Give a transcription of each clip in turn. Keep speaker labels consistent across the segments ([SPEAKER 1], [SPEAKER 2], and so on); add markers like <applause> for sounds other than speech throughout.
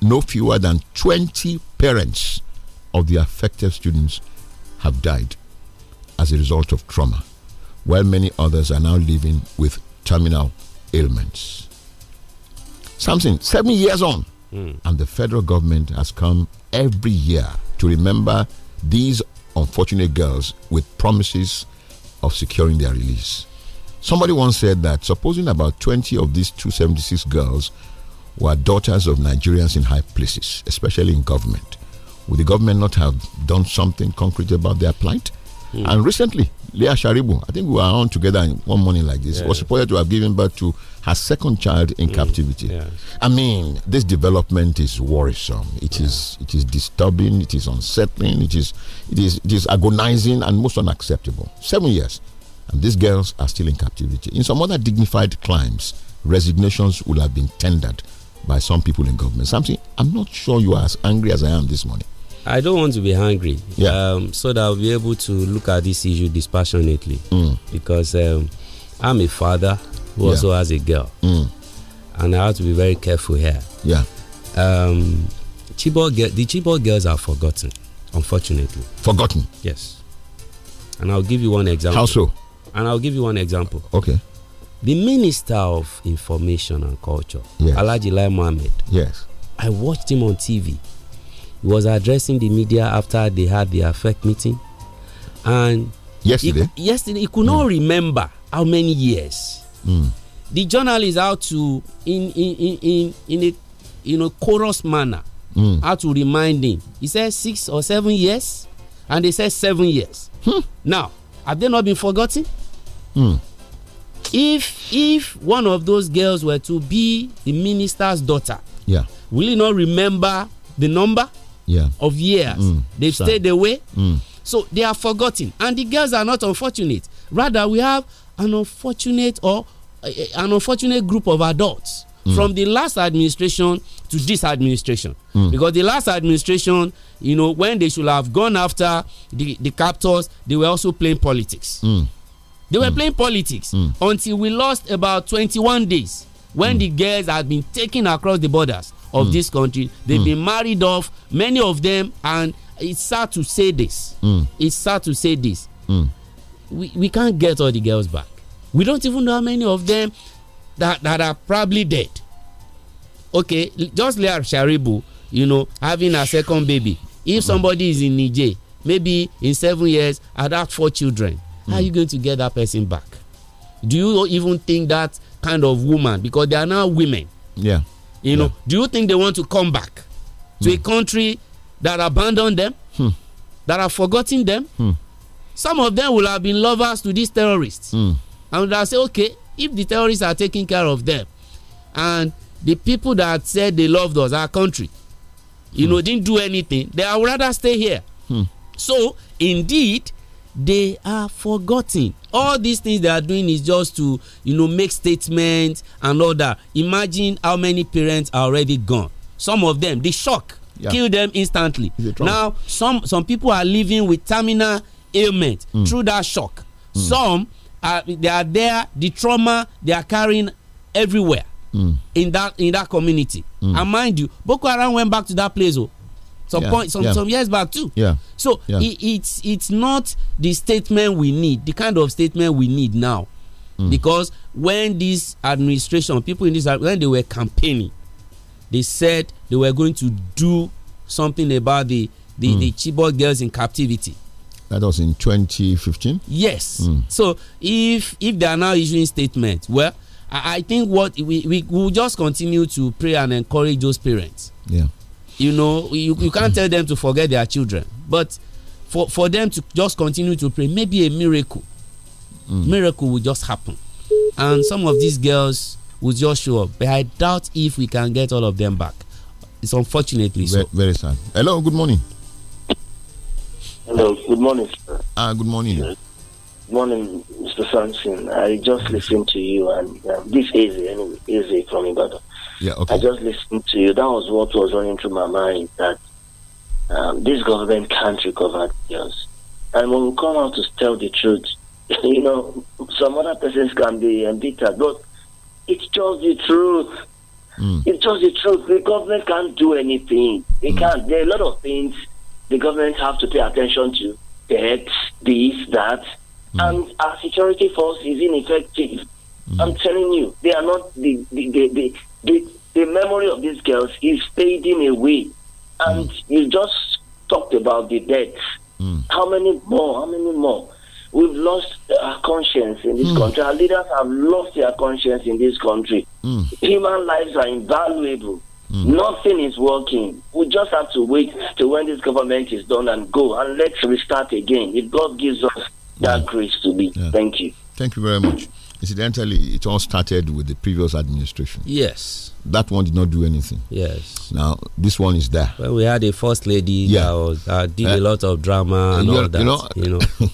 [SPEAKER 1] No fewer than 20 parents of the affected students have died as a result of trauma, while many others are now living with terminal ailments. Something, seven years on, mm. and the federal government has come every year to remember these unfortunate girls with promises of securing their release. Somebody once said that supposing about 20 of these 276 girls were daughters of Nigerians in high places, especially in government. Would the government not have done something concrete about their plight? Mm. And recently, Leah Sharibu, I think we were on together one morning like this, was supposed to have given birth to her second child in mm. captivity. Yes. I mean, this development is worrisome. It yeah. is, it is disturbing. It is unsettling. It is it is it is agonizing and most unacceptable. Seven years, and these girls are still in captivity. In some other dignified climes, resignations would have been tendered by some people in government. Something I'm not sure you are as angry as I am this morning.
[SPEAKER 2] I don't want to be angry. Yeah. Um, so that I'll be able to look at this issue dispassionately. Mm. Because um, I'm a father who yeah. also has a girl. Mm. And I have to be very careful here. Yeah. Um, Chibok, the Chibok girls are forgotten, unfortunately. Forgotten? Yes. And I'll give you one example. How so? And I'll give you one example. Okay the minister of information and culture, yes. Alaji Lai Mohammed. Yes. I watched him on TV. He was addressing the media after they had the AFEC meeting. And yesterday, he, yesterday, he could not mm. remember how many years. Mm. The journalist how to in in in in in a in a chorus manner mm. how to remind him. He said six or seven years, and they said seven years. Hmm. Now, have they not been forgotten? Mm if if one of those girls were to be the minister's daughter yeah will you not remember the number yeah. of years mm, they've stayed away mm. so they are forgotten and the girls are not unfortunate rather we have an unfortunate or uh, an unfortunate group of adults mm. from the last administration to this administration mm. because the last administration you know when they should have gone after the the captors they were also playing politics mm. They were playing politics hmm. until we lost about 21 days when hmm. the girls had been taken across the borders of hmm. this country. They've been married off, many of them, and it's sad to say this. It's sad to say this. We, we can't get all the girls back. We don't even know how many of them that, that are probably dead. Okay, just like Sharibu, you know, having a second baby. If somebody is in Niger, maybe in seven years, I'd have four children how are hmm. you going to get that person back do you even think that kind of woman because they are now women yeah you know do you think they want to come back to mm. a hmm. country that abandoned them hmm. that have forgotten them hmm. some of them will have been lovers to these terrorists hmm. and they'll say okay if the terrorists are taking care of them and the people that said they loved us our country you hmm. know didn't do anything they would rather stay here so indeed they are forgotten all these things they are doing is just to you know make statements and all that imagine how many parents are already gone some of them the shock yeah. kill them instantly now some some people are living with terminal ailment mm. through that shock mm. some are they are there the trauma they are carrying everywhere mm. in that in that community hmm. and mind you boko haram went back to that place oh some yeah. point some, yeah. some years back too. Yeah. So yeah. It, it's it's not the statement we need, the kind of statement we need now, mm. because when this administration, people in this when they were campaigning, they said they were going to do something about the the, mm. the Chibok girls in captivity.
[SPEAKER 1] That was in 2015.
[SPEAKER 2] Yes. Mm. So if if they are now issuing statements, well, I, I think what we, we will just continue to pray and encourage those parents. Yeah you know you, you can't tell them to forget their children but for for them to just continue to pray maybe a miracle mm. miracle will just happen and some of these girls will just show up but i doubt if we can get all of them back it's unfortunately very, so. very sad hello good morning hello good morning sir. ah good morning good
[SPEAKER 3] morning mr samson i just listened to you and uh, this is easy anyway easy from ibadan yeah, okay. I just listened to you. That was what was running through my mind that um, this government can't recover theirs. And when we come out to tell the truth, <laughs> you know, some other persons can be embittered, but it's just the truth. Mm. It's just the truth. The government can't do anything. They mm. can't. There are a lot of things the government have to pay attention to. Debt, this, that. Mm. And our security force is ineffective. Hmm. I'm telling you, they are not the, the, the, the, the memory of these girls is fading away. And mm. you just talked about the deaths. Mm. How many more? How many more? We've lost our conscience in this mm. country. Our leaders have lost their conscience in this country. Mm. Human lives are invaluable. Mm. Nothing is working. We just have to wait till when this government is done and go and let's restart again. If God gives us that mm. grace to be. Yeah. Thank you.
[SPEAKER 1] Thank you very much. Incidentally, it all started with the previous administration. Yes that one did not do anything. Yes. Now this one is there.
[SPEAKER 2] Well, we had a first lady yeah. that, was, that uh, did uh, a lot of drama and, and all that. You know, you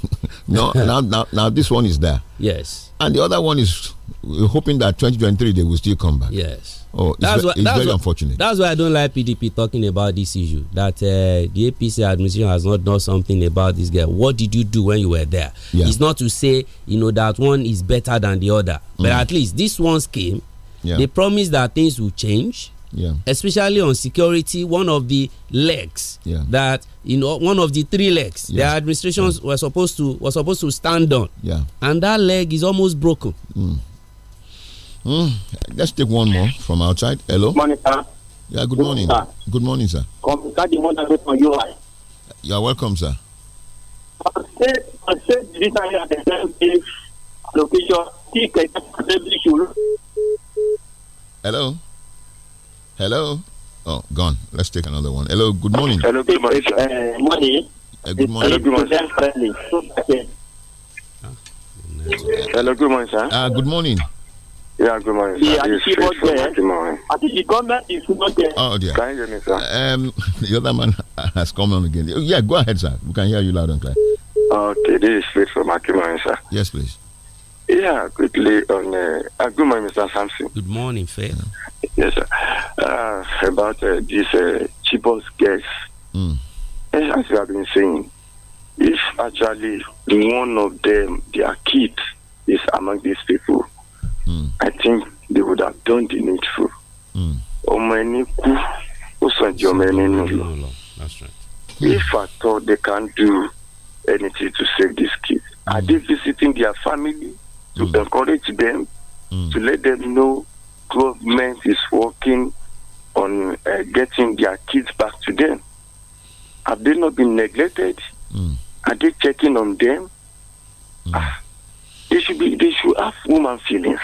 [SPEAKER 2] know. <laughs> no, <laughs> now, now, now
[SPEAKER 1] this one is there. Yes. And the other one is hoping that 2023 they will still come back. Yes. Oh, that's it's, why, it's that's very why, unfortunate.
[SPEAKER 2] That's why I don't like PDP talking about this issue. That uh, the APC administration has not done something about this guy. What did you do when you were there? Yeah. It's not to say you know that one is better than the other, but mm. at least this one scheme yeah. They promise that things will change. Yeah. Especially on security, one of the legs yeah. that you know, one of the three legs yeah. the administrations yeah. were supposed to were supposed to stand on. Yeah. And that leg is almost broken.
[SPEAKER 1] Mm. Mm. Let's take one more from outside. Hello. Morning, sir. Yeah. Good, good morning. Sir. Good morning, sir. You are welcome, sir.
[SPEAKER 4] I said, I said this area the location,
[SPEAKER 1] Hello. Hello. Oh, gone. Let's take another one. Hello. Good morning. Hello. Good morning. Uh, morning. Uh, good morning. Hello. Good morning. Hello. Good morning, sir. Uh, good morning. Yeah, good morning. Sir. Yeah, it's keyboard eh? I think the government is not there. Oh dear. Can you hear me, sir? Um, <laughs> the other man <laughs> has come on again. Oh, yeah, go ahead, sir. We can hear you loud and clear.
[SPEAKER 4] Okay, this is Faith from Akimani, sir. Yes, please. Yeah, quickly on uh, ah, good morning, Mr. Samson. Good morning, Faith.
[SPEAKER 5] Yes, sir. Uh, about uh, this uh, cheapest gas. Mm. as you have been saying, if actually one of them, their kid, is among these people, mm. I think they would have done the needful. Hmm. Ọmọ ẹni kú, If at all they can't do anything to save these kids, mm. are hmm. they visiting their family? to mm. encourage them, mm. to let them know government is working on uh, getting their kids back to them. Have they not been neglected? Mm. Are they checking on them? Mm. Ah, they should be. They should have woman feelings.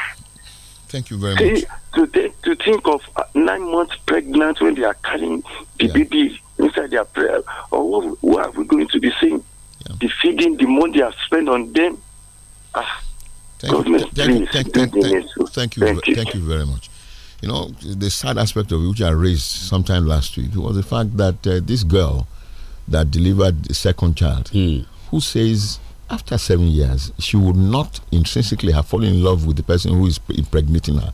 [SPEAKER 5] Thank you very they, much. To, to think of uh, nine months pregnant when they are carrying the yeah. baby inside their prayer, or what, what, are we going to be saying? Yeah. The feeding, the money they have spent on them.
[SPEAKER 1] Ah, Thank you. Thank, please thank, thank, thank, you. Thank you. Thank you very much. You know, the sad aspect of it, which I raised sometime last week, was the fact that uh, this girl that delivered the second child, mm. who says after seven years, she would not intrinsically have fallen in love with the person who is impregnating her.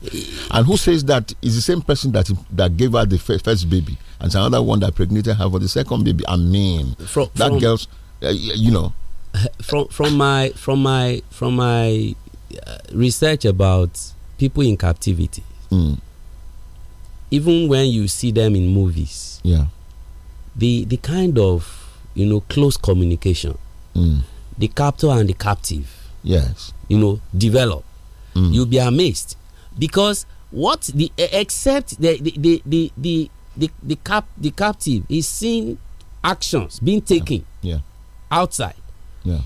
[SPEAKER 1] And who says that is the same person that that gave her the first baby, and it's another one that impregnated her for the second baby. I mean, from, that from, girl's, uh, you know. <laughs>
[SPEAKER 2] From from my from my from my uh, research about people in captivity. Mm. Even when you see them in movies, yeah, the the kind of you know close communication, mm. the captor and the captive, yes, you know develop. Mm. You'll be amazed because what the except the the the the the, the, the cap the captive is seeing actions being taken, yeah, yeah. outside, yeah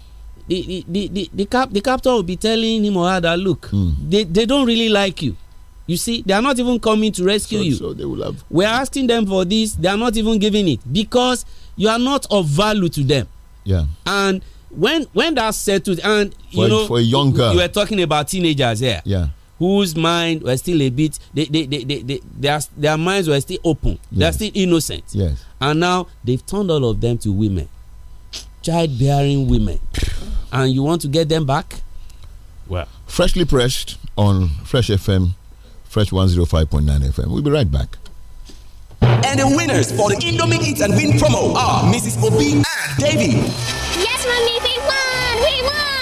[SPEAKER 2] the, the, the, the, the, cap, the captor will be telling him or her that look, mm. they, they don't really like you. You see, they are not even coming to rescue so, you. So they will have. We are asking them for this. They are not even giving it because you are not of value to them. Yeah. And when when that's settled, and for, you know, for a young girl, you were talking about teenagers here. Yeah. Whose mind were still a bit, they they they they, they their, their minds were still open. Yes. They're still innocent. Yes. And now they've turned all of them to women, childbearing women. and you want to get them back? Well, freshly pressed on Fresh FM, Fresh 105.9
[SPEAKER 1] FM. We'll be right back. And the winners for the Indomie Eat and Win promo are
[SPEAKER 6] Mrs. Obi and Davy. Yes, mommy, we won! We won!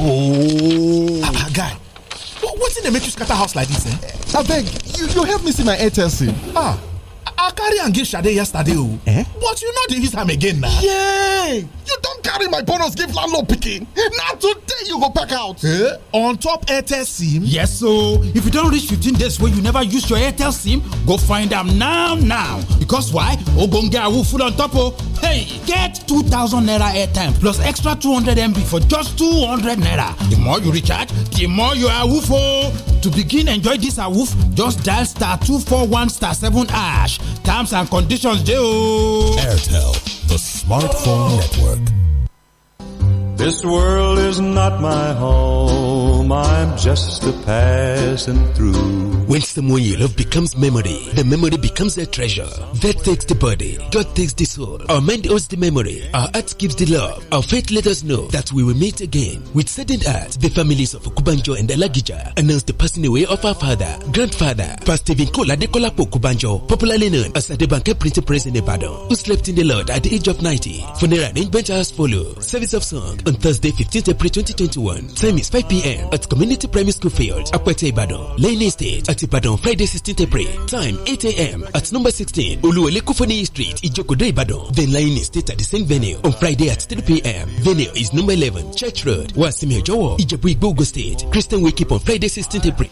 [SPEAKER 6] oh
[SPEAKER 7] ah, ah guy in dey make you scatter house like this? eh abeg you you help me see my airtel sim ah i carry and give Sade yesterday o oh. eh but you no dey use am again
[SPEAKER 8] now. Yeah, you don't carry my
[SPEAKER 7] bonus give landlord picking. na today you go pack out eh on top airtel sim yes o oh. if you don't reach 15 days where you never use your airtel sim go find am now now Because why? Ogbonge Awu full on top o. Hey! Get 2000 naira airtime plus extra 200 MB for just 200 naira. The more you recharge, the more you awoof o. To begin enjoy this awoof, just dial star
[SPEAKER 9] 241 star 7 ash. Terms and conditions dey o. Airtel, the smartphone network. This world is not my home
[SPEAKER 7] home, I'm just a passing through. When someone you love becomes memory, the memory becomes a treasure. That takes the body, God takes the soul. Our mind holds the memory, our heart keeps the love. Our faith let us know that we will meet again. With saddened heart, the families of Okubanjo and Elagija announced the passing away of our father, grandfather, Pastor Vinkola Dekolapo Okubanjo, popularly known as Adebanke Printing President in Ibadan, who slept in the Lord at the age of 90. Funeral arrangements as follow. Service of song on Thursday, 15th April 2021. Time is 5 p.m. at community primary school field apẹtẹ ìbàdàn lẹ́yìn estate at ìbàdàn friday sixteen april time eight a.m. at number sixteen Uluwele kúfọ́nì street ìjókòdó ìbàdàn then lẹ́yìn estate at the same venue on friday at three p.m. venue is number eleven church road wàsímì ọjọ́wọ̀ ìjẹ̀bú ìgbógun state christian wake up on friday sixteen april.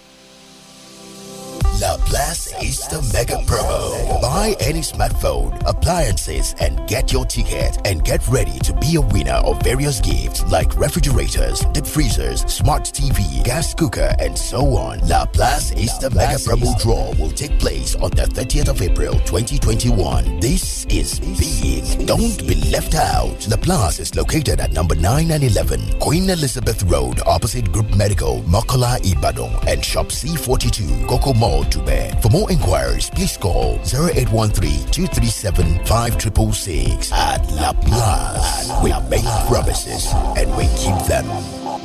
[SPEAKER 10] La Place is the mega promo. Buy any smartphone, appliances, and get your ticket and get ready to be a winner of various gifts like refrigerators, deep freezers, smart TV, gas cooker, and so on. La Place is the mega promo draw will take place on the 30th of April 2021. This is big. Don't be left out. Laplace Place is located at number 9 and 11, Queen Elizabeth Road, opposite Group Medical, Mokola Ibadan, and Shop C42, Coco Mall to bear. For more inquiries, please call 0813-237-5666 at La Paz. We make promises and we keep them.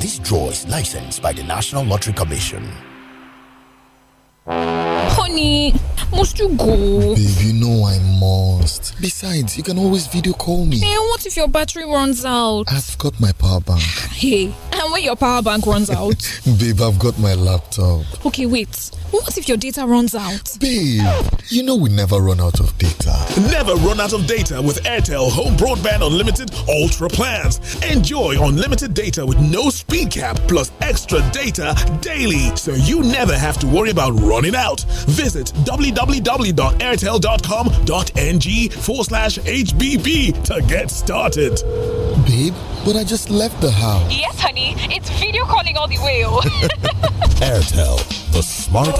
[SPEAKER 10] This draw is licensed by the National Lottery Commission.
[SPEAKER 6] Honey, must you go?
[SPEAKER 8] Babe, you know I must. Besides, you can always video call me. Hey,
[SPEAKER 6] what if your battery runs out?
[SPEAKER 8] I've got my power bank.
[SPEAKER 6] Hey, and when your power bank runs out?
[SPEAKER 8] <laughs> Babe, I've got my laptop.
[SPEAKER 6] Okay, wait. What if your data runs out? Babe,
[SPEAKER 11] you
[SPEAKER 8] know we never run out
[SPEAKER 11] of data. Never run out of data with Airtel Home Broadband Unlimited Ultra plans. Enjoy unlimited data with no speed cap plus extra data daily so you never have to worry about running out. Visit www.airtel.com.ng forward slash HBB to get started. Babe, but I just left the house.
[SPEAKER 6] Yes, honey. It's video calling all the way. Oh. <laughs>
[SPEAKER 10] Airtel, the smart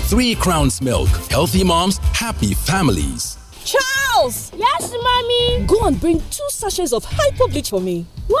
[SPEAKER 7] Three Crowns Milk. Healthy moms, happy families.
[SPEAKER 6] Charles! Yes, mommy? Go and bring two sachets of hyper bleach for me. What?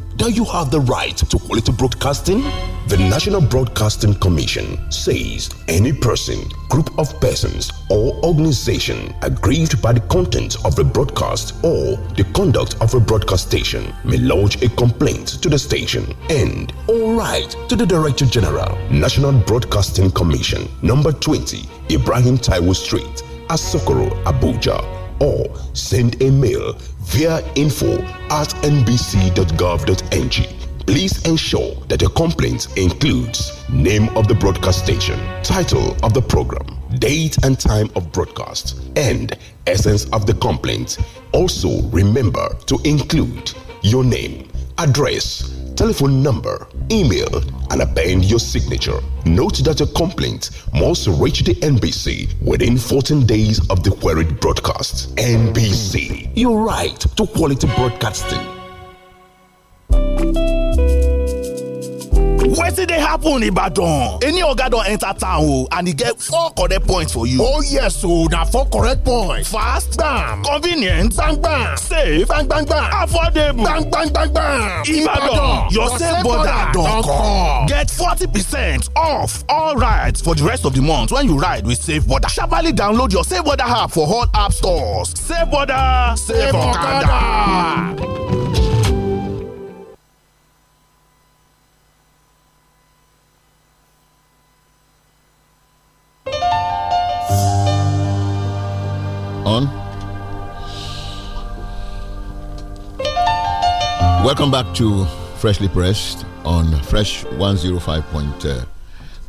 [SPEAKER 11] that you have the right to quality broadcasting? The National Broadcasting Commission says any person, group of persons, or organization aggrieved by the content of a broadcast or the conduct of a broadcast station may lodge a complaint to the station and all right to the Director General, National Broadcasting Commission, number 20, Ibrahim Taiwo Street, Asokoro, Abuja or send a mail via info at nbc.gov.ng. Please ensure that your complaint includes name of the broadcast station, title of the program, date and time of broadcast, and essence of the complaint. Also, remember to include your name, address, telephone number, email and append your signature. Note that a complaint must reach the NBC within 14 days of the queried broadcast. NBC, your right to quality broadcasting.
[SPEAKER 12] wetin dey happen ibadan any oga don enter town o and e get four correct points for you oh yes o na four correct points fast gbam convenient gbam safe gbam affordable gbam ibadan your safe border don come get forty
[SPEAKER 11] percent off all rides for the rest of the month when you ride with safe border sharparly download your safe border app for all app stores safe border safe okada.
[SPEAKER 1] On. Welcome back to Freshly Pressed on Fresh 105.9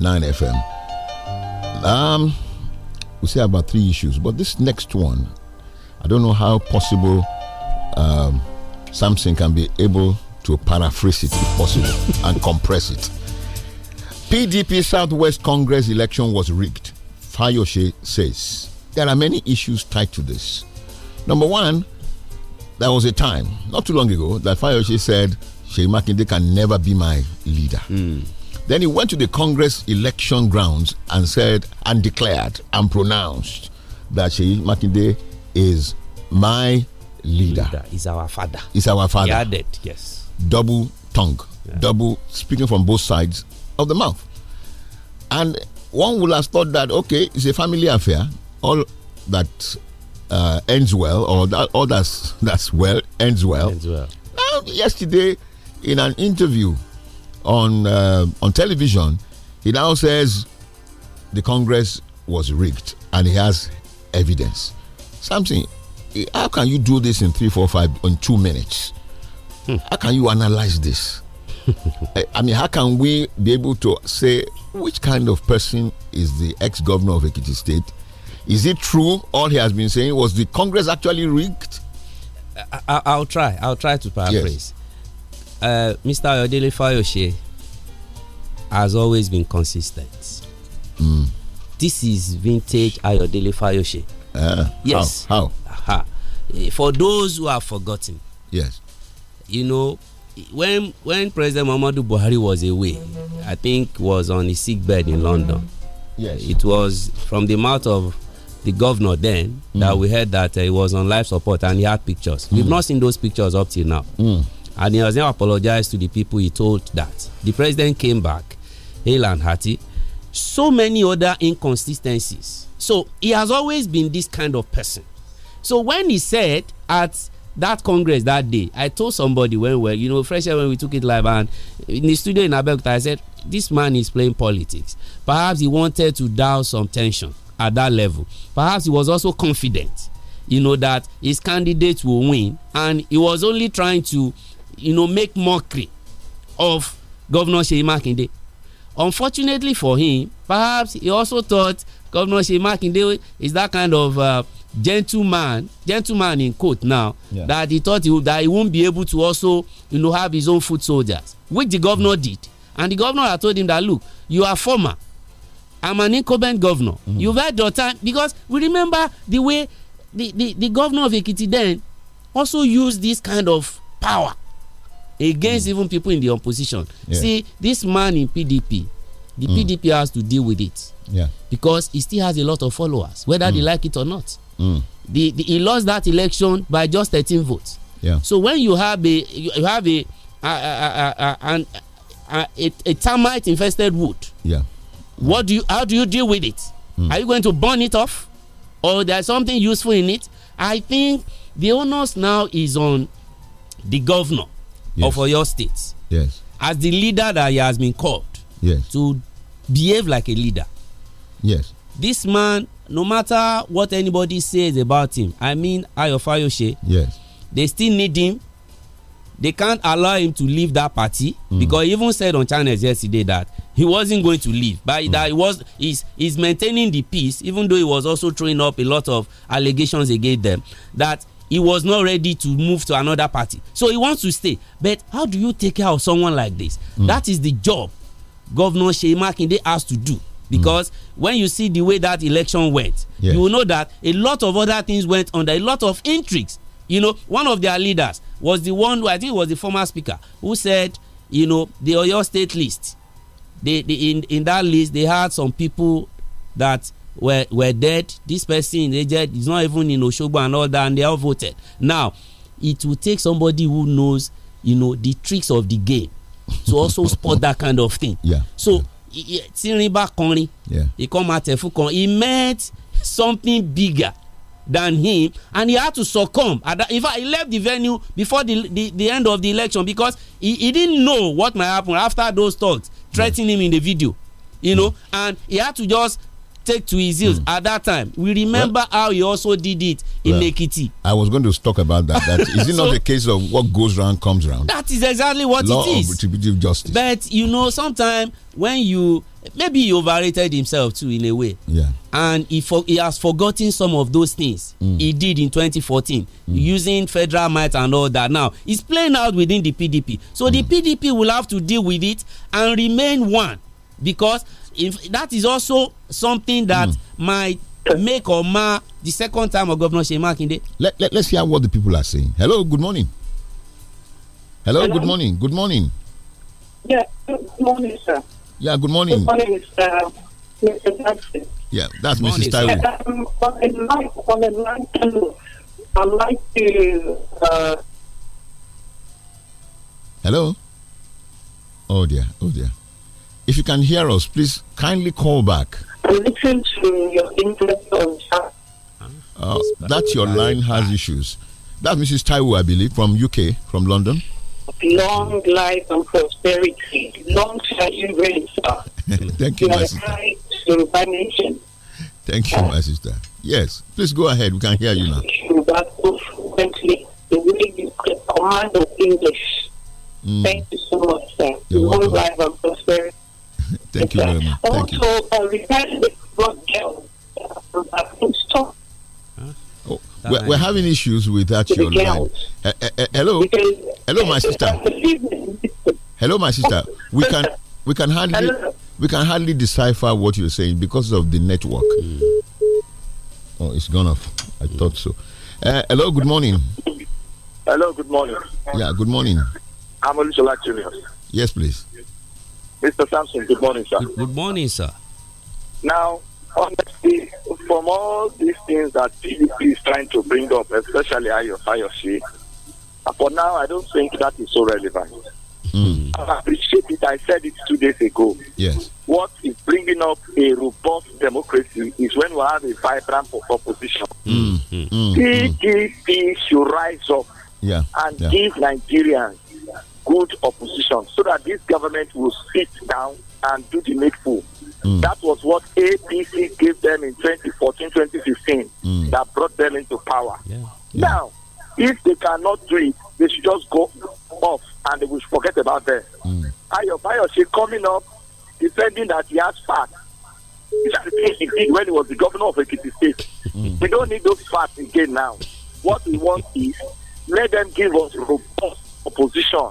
[SPEAKER 1] FM. Um, we say about three issues, but this next one, I don't know how possible um, Samson can be able to paraphrase it if possible <laughs> and compress it. PDP Southwest Congress election was rigged, Fayoshe says there are many issues tied to this. Number one, there was a time not too long ago that Fayoshe said Shea Makinde can never be my leader. Mm. Then he went to the Congress election grounds and said and declared and pronounced that Shea Makinde is my leader. leader. Is our father. Is our father. He added, yes. Double tongue, yeah. double speaking from both sides of the mouth. And one would have thought that okay, it's a family affair all that uh, ends well, or that all that's that's well ends well. Ends well. Now, yesterday, in an interview on uh, on television, he now says the Congress was rigged, and he has evidence. Something. How can you do this in three, four, five, in two minutes? Hmm. How can you analyze this? <laughs> I mean, how can we be able to say which kind of person is the ex governor of Ekiti State is it true
[SPEAKER 2] all he has been saying? Was the Congress actually rigged? I, will try. I'll try to paraphrase. Yes. Uh, Mr. Ayodele Fayoshe has always been consistent. Mm. This is vintage Ayodele Fayoshe. Uh, yes. How? how? Eh, for those who have forgotten. Yes. You know, when when President Muhammadu Buhari was away, I think was on his sick bed in London. Yes. It was from the mouth of the governor then mm. that we heard that uh, he was on life support and he had pictures. Mm. We've not seen those pictures up till now. Mm. And he has now apologized to the people he told that. The president came back, hail and hearty. So many other inconsistencies. So he has always been this kind of person. So when he said at that congress that day, I told somebody when we you know, fresh air when we took it live and in the studio in Abeokuta, I said, this man is playing politics. Perhaps he wanted to dial some tension at that level. Perhaps he was also confident, you know, that his candidate will win, and he was only trying to, you know, make mockery of Governor Sheyi Makinde. Unfortunately for him, perhaps he also thought Governor Sheyi Makinde is that kind of uh, gentleman, gentleman in quote now, yeah. that he thought he would, that he won't be able to also, you know, have his own foot soldiers, which the governor mm did. And the governor had told him that, look, you are former, I'm an incumbent governor. Mm. You've had your time because we remember the way the, the, the governor of Ekiti then also used this kind of power against mm. even people in the opposition. Yeah. See, this man in PDP, the mm. PDP has to deal with it. Yeah. Because he still has a lot of followers, whether they mm. like it or not. Mm. The, the, he lost that election by just 13 votes. Yeah. So when you have a you have a, a, a, a, a, a termite infested wood. Yeah what do you how do you deal with it mm. are you going to burn it off or there's something useful in it i think the onus now is on the governor yes. of your State. Yes. As the leader that he has been called. Yes. To behave like a leader. Yes. This man, no matter what anybody says about him, I mean Ayofayoshe. Yes. They still need him. They can't allow him to leave that party mm. because he even said on channels yesterday that he wasn't going to leave but mm. that he was is is maintaining the peace even though he was also throwing up a lot of allegations against them that he was not ready to move to another party so he wants to stay but how do you take care of someone like this mm. that is the job governor shey makinde has to do because mm. when you see the way that election went yes. you will know that a lot of other things went under a lot of intrigues you know one of their leaders was the one who i think was the former speaker who said you know the oyo state list they, they in in that list they had some people that were were dead. This person is dead is not even in Oshogbo and all that, and they all voted. Now, it will take somebody who knows, you know, the tricks of the game to also <laughs> spot that kind of thing. Yeah. So, Tirinba Konri, he come at he met something bigger than him and he had to succumb in fact he left the venue before the, the, the end of the election because he, he didn't know what might happen after those talks threatening him in the video you know and he had to just take to his heels mm. at that time. We remember well, how he also did it in well, Ekiti.
[SPEAKER 1] I was going to talk about that. that is it <laughs> so, not a case of what goes round comes round?
[SPEAKER 2] That is exactly what Law it is. Law of
[SPEAKER 1] retributive justice.
[SPEAKER 2] But you know, sometimes when you maybe he overrated himself too in a way. Yeah. And he for, he has forgotten some of those things mm. he did in 2014 mm. using federal might and all that. Now he's playing out within the PDP, so mm. the PDP will have to deal with it and remain one because if that is also something that mm. might make or mar the second time of Governor Shemakinde. Let, let let's hear what the people are saying. Hello, good morning.
[SPEAKER 1] Hello, Hello. good morning. Good morning.
[SPEAKER 4] Yeah, good morning, sir.
[SPEAKER 1] Yeah, good morning. Good morning,
[SPEAKER 4] Mr. Mr. Jackson.
[SPEAKER 1] Yeah, that's good Mrs. Taiwo.
[SPEAKER 4] Um, on a light, on a light I'd like to. Uh...
[SPEAKER 1] Hello? Oh dear, oh dear. If you can hear us, please kindly call back. I'm Listen to your internet on chat. Uh, that your line has issues. That's Mrs. Taiwo, I believe, from UK, from London
[SPEAKER 3] long life and prosperity. Long shall you reign, sir.
[SPEAKER 1] <laughs> Thank you, my
[SPEAKER 13] sister. nation.
[SPEAKER 1] Thank you, my sister. Yes, please go ahead. We can hear you now. frequently,
[SPEAKER 13] the way you command of English. Mm. Thank you so much, sir. long life and prosperity.
[SPEAKER 1] <laughs> Thank you very much.
[SPEAKER 4] Thank also, you. Uh, regarding the blood girl, uh, i think stop. Oh,
[SPEAKER 1] huh? Oh, we're, we're, having issues with that. Your line. Uh, uh, uh, hello. Because Hello, my sister. Hello, my sister. We can we can hardly Hello. we can hardly decipher what you're saying because of the network. Hmm. Oh, it's gone off. I thought so. Uh, hello, good morning.
[SPEAKER 4] Hello, good morning.
[SPEAKER 1] Yeah, good morning.
[SPEAKER 4] I'm Olusola Junior. Yes, please. Mr. Sampson, good morning, sir. Good,
[SPEAKER 1] good
[SPEAKER 2] morning, sir.
[SPEAKER 4] Now, honestly, from all these things that PDP is trying to bring up, especially Ayo Ayoshi, for now, I don't think that is so relevant. Mm. I appreciate it. I said it two days ago. Yes. What is bringing up a robust democracy is when we have a vibrant opposition.
[SPEAKER 1] Mm, mm,
[SPEAKER 4] mm should rise up
[SPEAKER 1] yeah, and yeah. give
[SPEAKER 4] Nigerians good opposition so that this government will sit down and do the needful. Mm. That was what APC gave them in 2014, 2015 hmm. that brought them into power. Yeah. Now, if they cannot do it, they should just go off and they will forget about them. Mm. Ayo Bayoshe coming up defending that he has facts. These are the he did when he was the governor of Ekiti State. Mm. We don't need those facts again now. What we want is let them give us robust opposition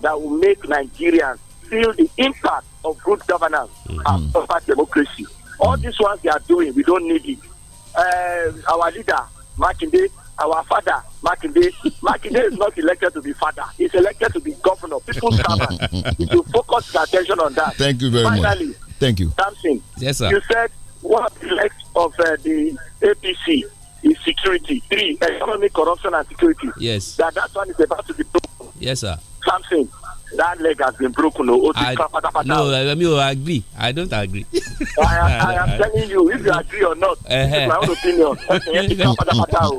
[SPEAKER 4] that will make Nigerians feel the impact of good governance mm. and proper democracy. All hmm. these ones they are doing, we don't need it. Uh, our leader, Makinde, our father, Makinde, Makinde is not elected to be father. He is elected to be governor. People servant. <laughs> to focus their attention on that. Thank you very Finally, much.
[SPEAKER 1] Finally, thank you.
[SPEAKER 4] Samson, yes, sir. You said what left of uh, the APC is security. Three, economic corruption and security. Yes. That that one is about to be broken.
[SPEAKER 2] Yes, sir. Samson, that leg has been broken. Oh, no, I, mean, I agree. I don't agree. I, am, <laughs> I am telling
[SPEAKER 4] you, if you agree or
[SPEAKER 2] not, uh-huh. it's my own opinion. <laughs> Oh.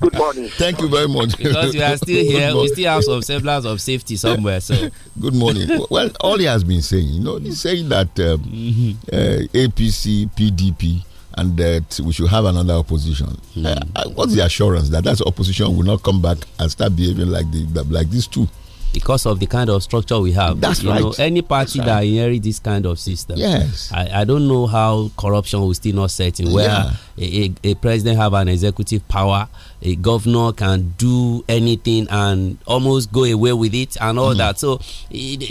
[SPEAKER 2] Good morning. Thank you very much. Because you are still here, we still have some semblance of safety somewhere. So. Good morning. <laughs> Well,
[SPEAKER 1] all he has been saying, you know, he's saying that um, mm -hmm. uh, APC, PDP, and that we should have another opposition. Mm. Uh, what's the assurance that that opposition will not come back and start behaving like the like these two?
[SPEAKER 2] because of the kind of structure we have. That's you right. Know, any party right. that inherit this kind of system, yes, I, I don't know how corruption will still not set in where yeah. a, a, a, president have an executive power a governor can do anything and almost go away with it and all mm -hmm. that. So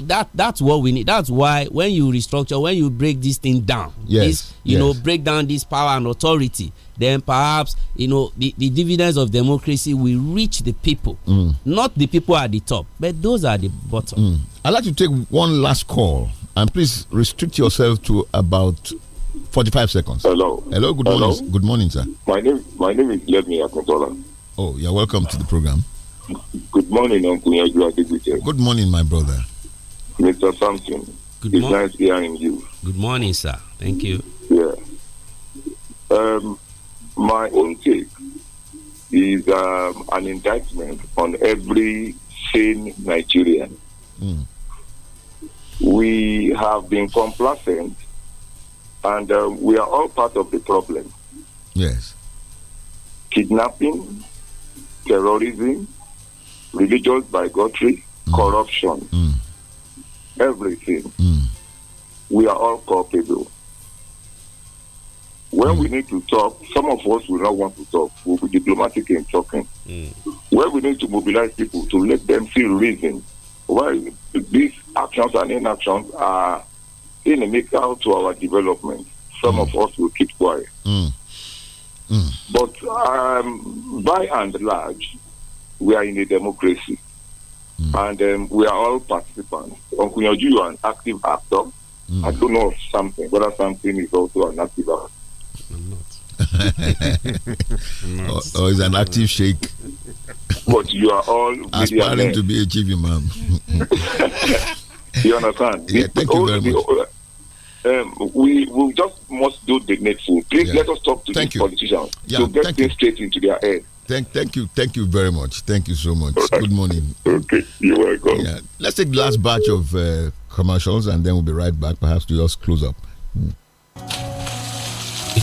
[SPEAKER 2] that that's what we need. That's why when you restructure, when you break this thing down, yes, this, you yes. know, break down this power and authority, then perhaps you know the, the dividends of democracy will reach the people, mm. not the people at the top, but those at the bottom. Mm. I'd like to take one last call and please restrict yourself
[SPEAKER 1] to about 45 seconds. Hello. Hello, good Hello. morning. Good morning, sir.
[SPEAKER 3] My name my
[SPEAKER 5] name is Ledmi Akintola.
[SPEAKER 1] Oh, you're welcome to the program.
[SPEAKER 5] Good morning, Uncle Yaju Good morning, my brother. Mr. Samson. Good it's nice hearing you.
[SPEAKER 2] Good morning, sir. Thank you. Yeah. Um,
[SPEAKER 5] my own take is um, an indictment on every sane Nigerian. Mm. We have been complacent and uh, we are all part of the problem. Yes. Kidnapping, terrorism, religious bigotry, mm. corruption, mm. everything. Mm. We are all culpable. When we mm. need to talk, some of us will not want to talk. We'll be diplomatic in talking. Mm. Where we need to mobilize people to let them feel reason why these actions and inactions are inimical to our development. Some mm. of us will keep quiet. Mm. Mm. But um, by and large, we are in a democracy. Mm. And um, we are all participants. Uncle you are an active actor. Mm. I don't know something, whether something is also an active actor. <laughs>
[SPEAKER 3] or,
[SPEAKER 1] or is an active shake.
[SPEAKER 5] But you are all <laughs> aspiring to
[SPEAKER 1] be a chief imam. <laughs>
[SPEAKER 5] You understand? <laughs> yeah, thank the, you very the, much. um, we we just must do the needful. Please yeah. let us talk to thank these you. politicians yeah, to get things straight into their head.
[SPEAKER 1] Thank, thank you, thank you very much. Thank you so much. Right. Good morning. Okay, you're welcome. Yeah. Let's take the last batch of uh, commercials and then we'll be right back, perhaps to just close up. Mm.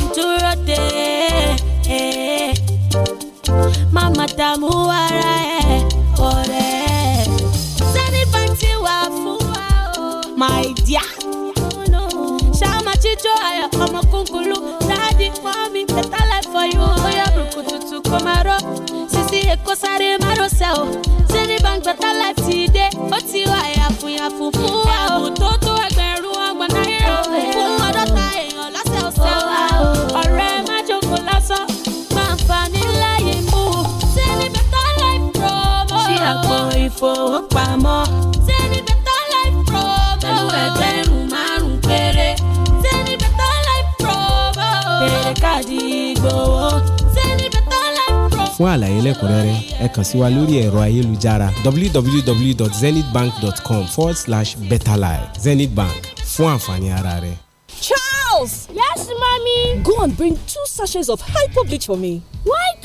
[SPEAKER 6] come to rotate. Eh, eh. Mama tamuara ẹ ọ̀rẹ́. Sẹ́ni pàǹtí My dear. Ṣáàmà jíjó ayọ̀ ọmọ kúnkúlú. Dáàdi fọ́ mi better life for you. Bóyá burúkú tutù kò máa rọ́. Sisi Èkó ìfowópamọ́. Zenith Better Life Promo. pẹ̀lú ẹgbẹ̀rún márùn-ún péré. Zenith Better Life Promo. bèrè káàdì ìgbowó. Zenith Better Life
[SPEAKER 7] Promo. fún àlàyé lẹ́kùnrẹ́rẹ́ ẹ kàn sí wa lórí ẹ̀rọ ayélujára www.zenithbank.com slash betterlife Zenith Bank fún àǹfààní ara rẹ.
[SPEAKER 6] Charles! Yes, mommy? Go and bring two sachets of hypo bleach for me. What?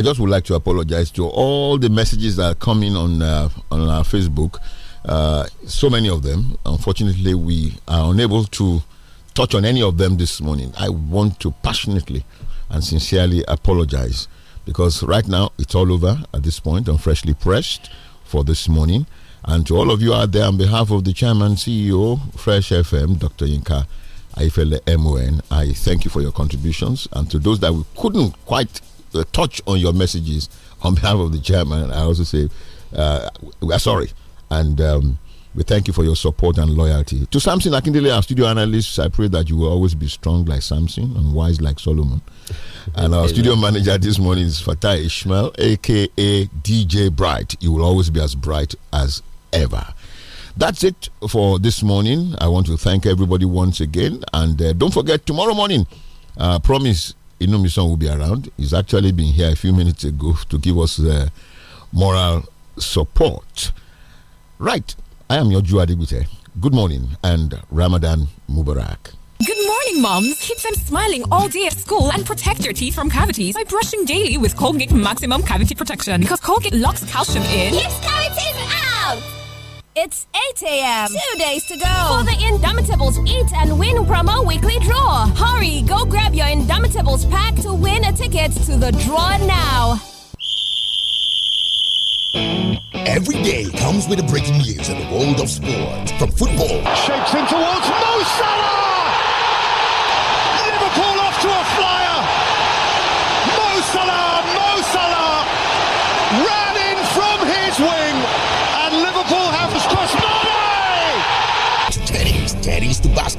[SPEAKER 1] I just would like to apologize to all the messages that are coming on uh, on our Facebook. Uh, so many of them. Unfortunately, we are unable to touch on any of them this morning. I want to passionately and sincerely apologize because right now it's all over at this point. I'm freshly pressed for this morning. And to all of you out there, on behalf of the chairman, CEO, Fresh FM, Dr. Yinka Aifele MON, I thank you for your contributions. And to those that we couldn't quite touch on your messages on behalf of the chairman. I also say uh, we uh, are sorry, and um, we thank you for your support and loyalty. To Samson Akindele, our studio analyst, I pray that you will always be strong like Samson and wise like Solomon. <laughs> And our studio manager this morning is Fatah Ishmael, aka DJ Bright. You will always be as bright as ever. That's it for this morning. I want to thank everybody once again. And uh, don't forget, tomorrow morning, uh, promise Inumison will be around. He's actually been here a few minutes ago to give us uh, moral support. Right. I am your Juade Good morning and Ramadan Mubarak.
[SPEAKER 6] Good morning, moms. Keep them smiling all day at school and protect your teeth from cavities by brushing daily with Colgate Maximum Cavity Protection because Colgate locks calcium in. Keeps cavities out! It's 8 a.m. Two days to go. For the Indomitables Eat and Win promo weekly draw. Hurry, go grab your Indomitables pack to win a ticket to the draw now.
[SPEAKER 10] Every day comes with a breaking news in the world of sport. From football. Shapes in towards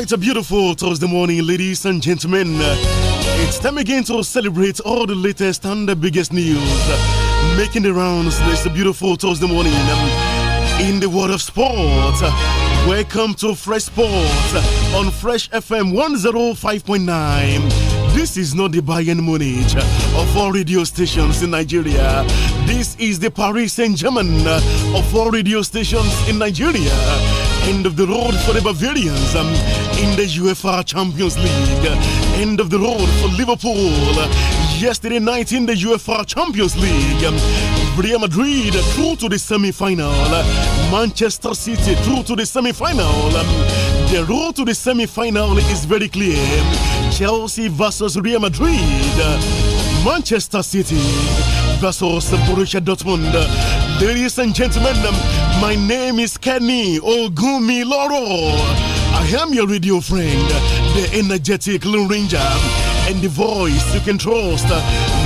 [SPEAKER 12] It's a beautiful Thursday morning, ladies and gentlemen. It's time again to celebrate all the latest and the biggest news making the rounds It's a beautiful Thursday morning in the world of sport. Welcome to Fresh Sport on Fresh FM 105.9. This is not the Bayern Munich of all radio stations in Nigeria. This is the Paris Saint Germain of all radio stations in Nigeria. End of the road for the Bavarians um, in the UEFA Champions League. End of the road for Liverpool. Yesterday night in the UEFA Champions League, um, Real Madrid through to the semi final. Manchester City through to the semi final. Um, the road to the semi final is very clear Chelsea versus Real Madrid, Manchester City versus Borussia Dortmund. Ladies and gentlemen, um, my name is Kenny Ogumi Loro. I am your radio friend, the energetic Lone Ranger, and the voice you can trust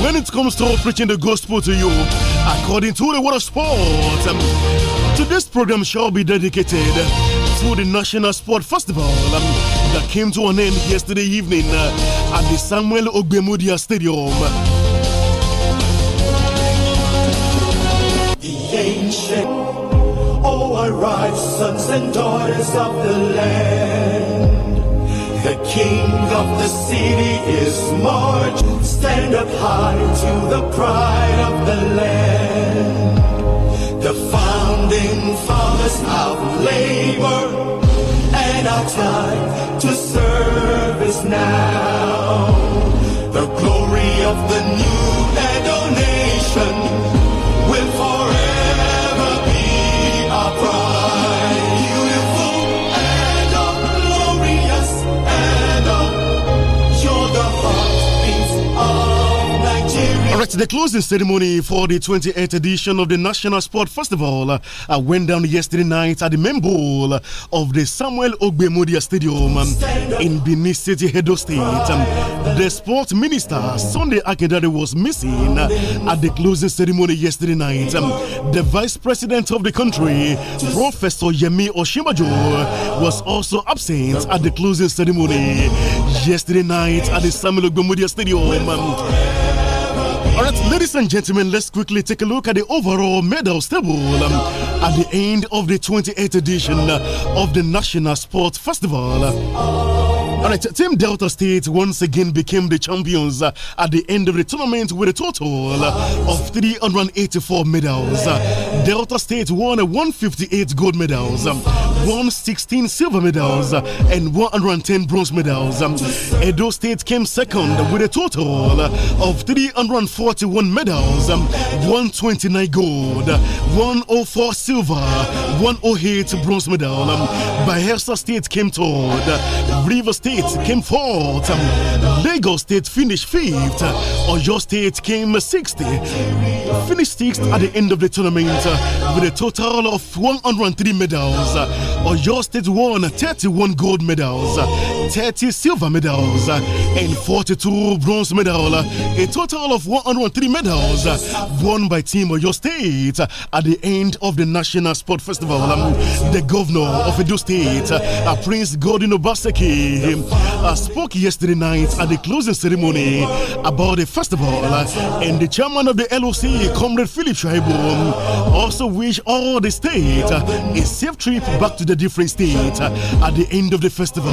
[SPEAKER 12] when it comes to preaching the gospel to you according to the world of sport. Today's program shall be dedicated to the National Sport Festival that came to an end yesterday evening at the Samuel Ogbemudia Stadium.
[SPEAKER 14] The ancient so I rise, sons and daughters of the land. The king of the city is march. Stand up high to the pride of the land. The founding fathers of labor and our time to serve is now. The glory of the new Edo nation
[SPEAKER 12] the closing ceremony for the 28th edition of the National Sport Festival uh, went down yesterday night at the main bowl of the Samuel Ogbemodia Stadium um, in Benin City, Edo State. Um, the sports minister, Sunday Akedare, was missing uh, at the closing ceremony yesterday night. Um, the vice president of the country, Professor Yemi Oshimajo, was also absent at the closing ceremony yesterday night at the Samuel Ogbemodia Stadium. All right, ladies and gentlemen, let's quickly take a look at the overall medals table um, at the end of the 28th edition of the National Sports Festival. All right, Team Delta State once again became the champions uh, at the end of the tournament with a total uh, of 384 medals. Uh, Delta State won 158 gold medals, um, 116 silver medals, uh, and 110 bronze medals. Um, Edo State came second with a total uh, of 341 medals, um, 129 gold, uh, 104 silver, 108 bronze medals. Um, State came third. River State State came fourth. Um, Lagos State finished fifth. Oyo State came sixth. Finished sixth at the end of the tournament uh, with a total of 103 medals. Uh, Oyo State won 31 gold medals. Uh, 30 silver medals, and 42 bronze medals. A total of 103 medals won by Team Oyo State at the end of the National Sport Festival. Um, the governor of Edo State, uh, Prince Gordon Obaseki, um, uh, spoke yesterday night at the closing ceremony about the festival, uh, and the chairman of the LOC, Comrade Philip Shaibu, um, also wished all the state a safe trip back to the different state at the end of the festival.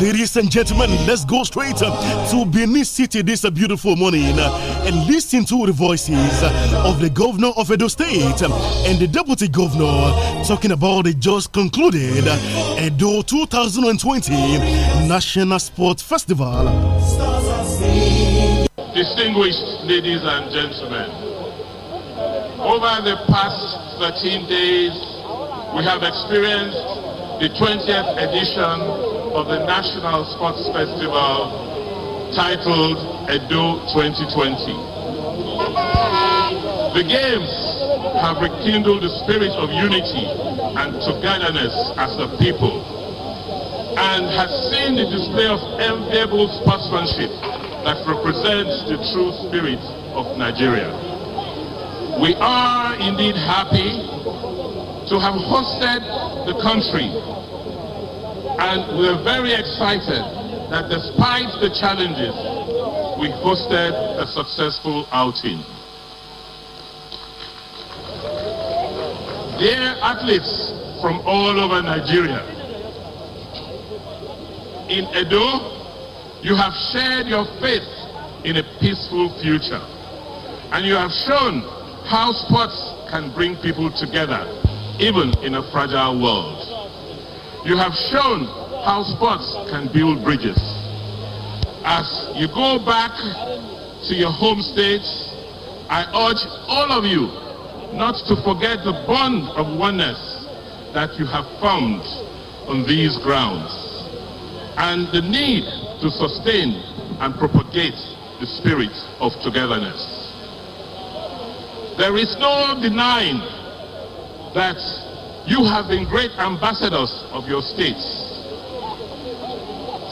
[SPEAKER 12] Ladies and gentlemen, let's go straight uh, to Benin City this uh, beautiful morning uh, and listen to the voices of the governor of Edo State um, and the deputy governor talking about the just concluded Edo 2020 National Sports Festival.
[SPEAKER 15] Distinguished ladies and gentlemen, over the past 13 days, we have experienced the 20th edition of the National Sports Festival titled Edo 2020. The games have rekindled the spirit of unity and togetherness as a people and has seen the display of enviable sportsmanship that represents the true spirit of Nigeria. We are indeed happy to have hosted the country. And we are very excited that despite the challenges, we hosted a successful outing. Dear athletes from all over Nigeria, in Edo, you have shared your faith in a peaceful future. And you have shown how sports can bring people together even in a fragile world. You have shown how sports can build bridges. As you go back to your home states, I urge all of you not to forget the bond of oneness that you have formed on these grounds and the need to sustain and propagate the spirit of togetherness. There is no denying that you have been great ambassadors of your states.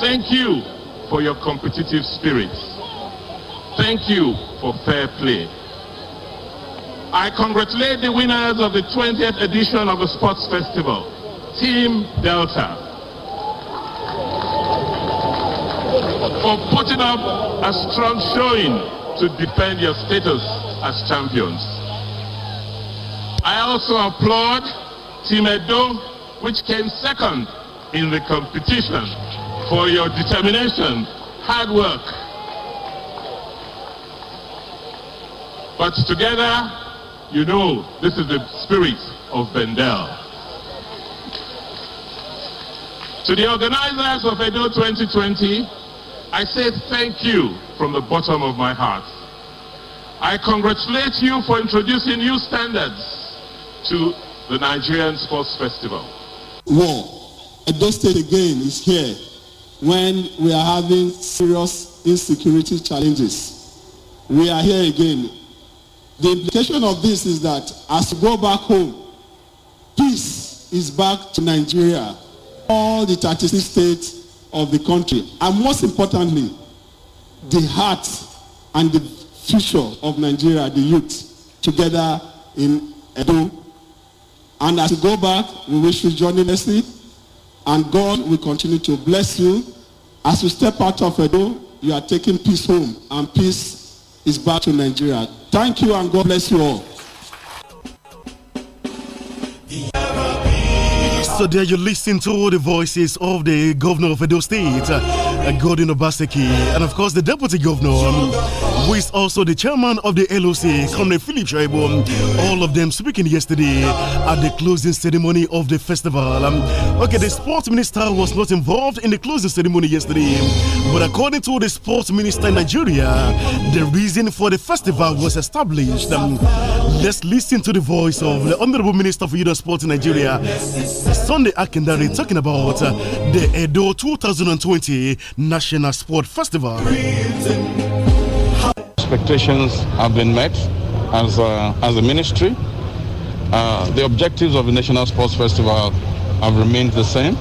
[SPEAKER 15] Thank you for your competitive spirit. Thank you for fair play. I congratulate the winners of the 20th edition of the Sports Festival, Team Delta, for putting up a strong showing to defend your status as champions also applaud Team Edo, which came second in the competition, for your determination, hard work. But together, you know, this is the spirit of Bendel. To the organizers of Edo 2020, I say thank you from the bottom of my heart. I congratulate you for introducing new standards to the Nigerian Sports Festival.
[SPEAKER 7] War, Edo State again is here when we are having serious insecurity challenges. We are here again. The implication of this is that as we go back home, peace is back to Nigeria, all the 36 states of the country, and most importantly, the heart and the future of Nigeria, the youth, together in Edo And as you go back, we wish you journey mercy. And God will continue to bless you. As you step out of Edo, you are taking peace
[SPEAKER 12] home. And peace is back to Nigeria. Thank you and God bless you all. So there you listen to the voices of the governor of Edo State, uh, Gordon Obaseki, and of course the deputy governor, um, who is also the chairman of the LOC, Comrade Philip Shaibo. All of them speaking yesterday at the closing ceremony of the festival. Um, okay, the sports minister was not involved in the closing ceremony yesterday, but according to the sports minister in Nigeria, the reason for the festival was established. Um, let's listen to the voice of the honorable minister for youth and sports in Nigeria. Sunday Akindari talking about uh, the Edo 2020 National Sport Festival.
[SPEAKER 16] Expectations have been met as a, as a ministry. Uh, the objectives of the National Sports Festival have remained the same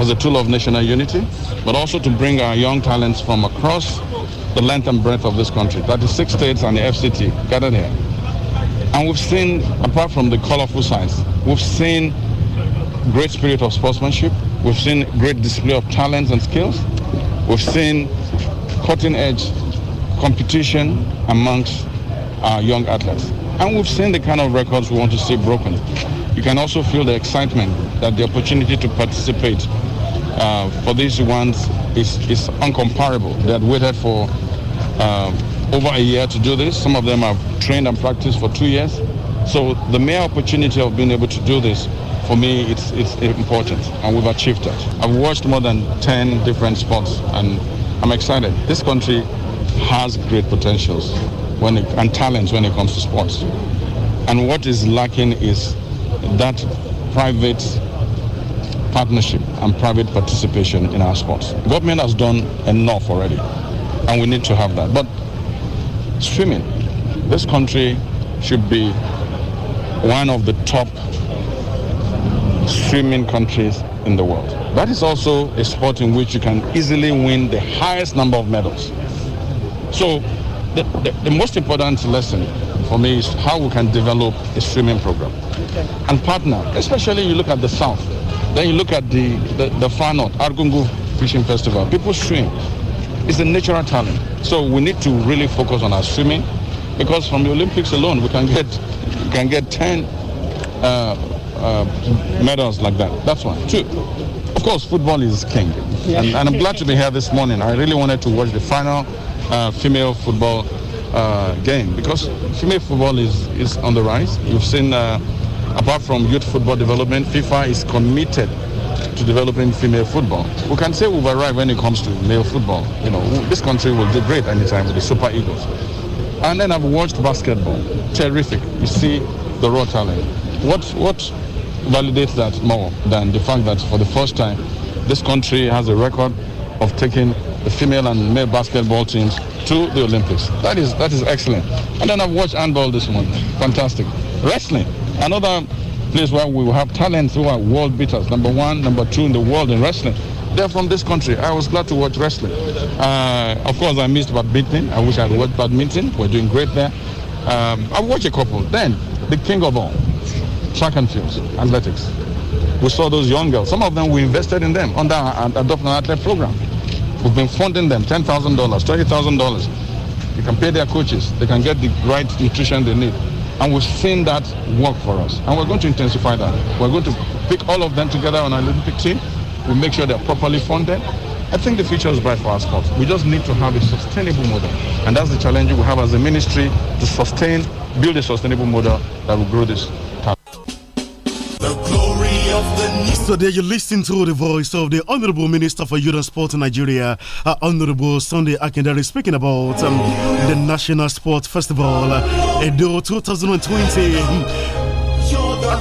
[SPEAKER 16] as a tool of national unity, but also to bring our young talents from across the length and breadth of this country, 36 states and the FCT gathered here. And we've seen, apart from the colorful signs, we've seen great spirit of sportsmanship. We've seen great display of talents and skills. We've seen cutting edge competition amongst our young athletes. And we've seen the kind of records we want to see broken. You can also feel the excitement that the opportunity to participate uh, for these ones is, is uncomparable. They had waited for uh, over a year to do this. Some of them have trained and practiced for two years. So the mere opportunity of being able to do this for me, it's, it's important, and we've achieved that. I've watched more than 10 different sports, and I'm excited. This country has great potentials when it, and talents when it comes to sports. And what is lacking is that private partnership and private participation in our sports. Government has done enough already, and we need to have that. But swimming, this country should be one of the top swimming countries in the world. That is also a sport in which you can easily win the highest number of medals. So, the, the, the most important lesson for me is how we can develop a swimming program okay. and partner, especially you look at the south. Then you look at the, the, the far north, Argungu Fishing Festival. People swim. It's a natural talent. So we need to really focus on our swimming because from the Olympics alone, we can get, we can get 10 uh, uh, medals like that. That's one. Two, of course, football is king. Yeah. And, and, I'm glad to be here this morning. I really wanted to watch the final uh, female football uh, game because female football is, is on the rise. You've seen, uh, apart from youth football development, FIFA is committed to developing female football. We can say we've arrived when it comes to male football. You know, this country will do great anytime with the Super Eagles. And then I've watched basketball. Terrific. You see the raw talent what, what validates that more than the fact that for the first time, this country has a record of taking the female and male basketball teams to the Olympics. That is that is excellent. And then I've watched handball this morning. Fantastic. Wrestling, another place where we have talents who are world beaters, number one, number two in the world in wrestling. They're from this country. I was glad to watch wrestling. Uh, of course, I missed badminton. I wish I had watched badminton. We're doing great there. Um, I watched a couple. Then the king of all, track and fields, athletics. We saw those young girls. Some of them, we invested in them under our Adopt an Athlete program. We've been funding them $10,000, $20,000. They can pay their coaches. They can get the right nutrition they need. And we've seen that work for us. And we're going to intensify that. We're going to pick all of them together on our Olympic team. We make sure they're properly funded. I think the future is bright for our sports. We just need to have a sustainable model. And that's the challenge we have as a ministry to sustain, build a sustainable model that will grow this
[SPEAKER 12] So there you listen to the voice of the Honorable Minister for Youth and Sport in Nigeria, uh, Honorable Sunday Akindare, speaking about um, the National Sport Festival, uh, Edo 2020.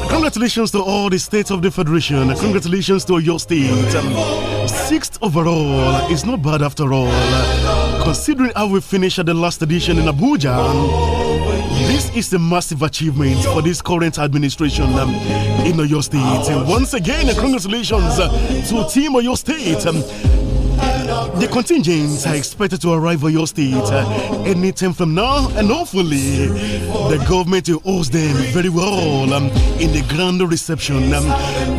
[SPEAKER 12] Congratulations to all the states of the federation. Congratulations to your state. Um, sixth overall is not bad after all. Considering how we finished at the last edition in Abuja, um, this is a massive achievement for this current administration. Um, in Oyo State. Once again, congratulations to Team Oyo State. The contingents are expected to arrive at your state anytime from now, and hopefully, the government will host them very well um, in the grand reception. Um,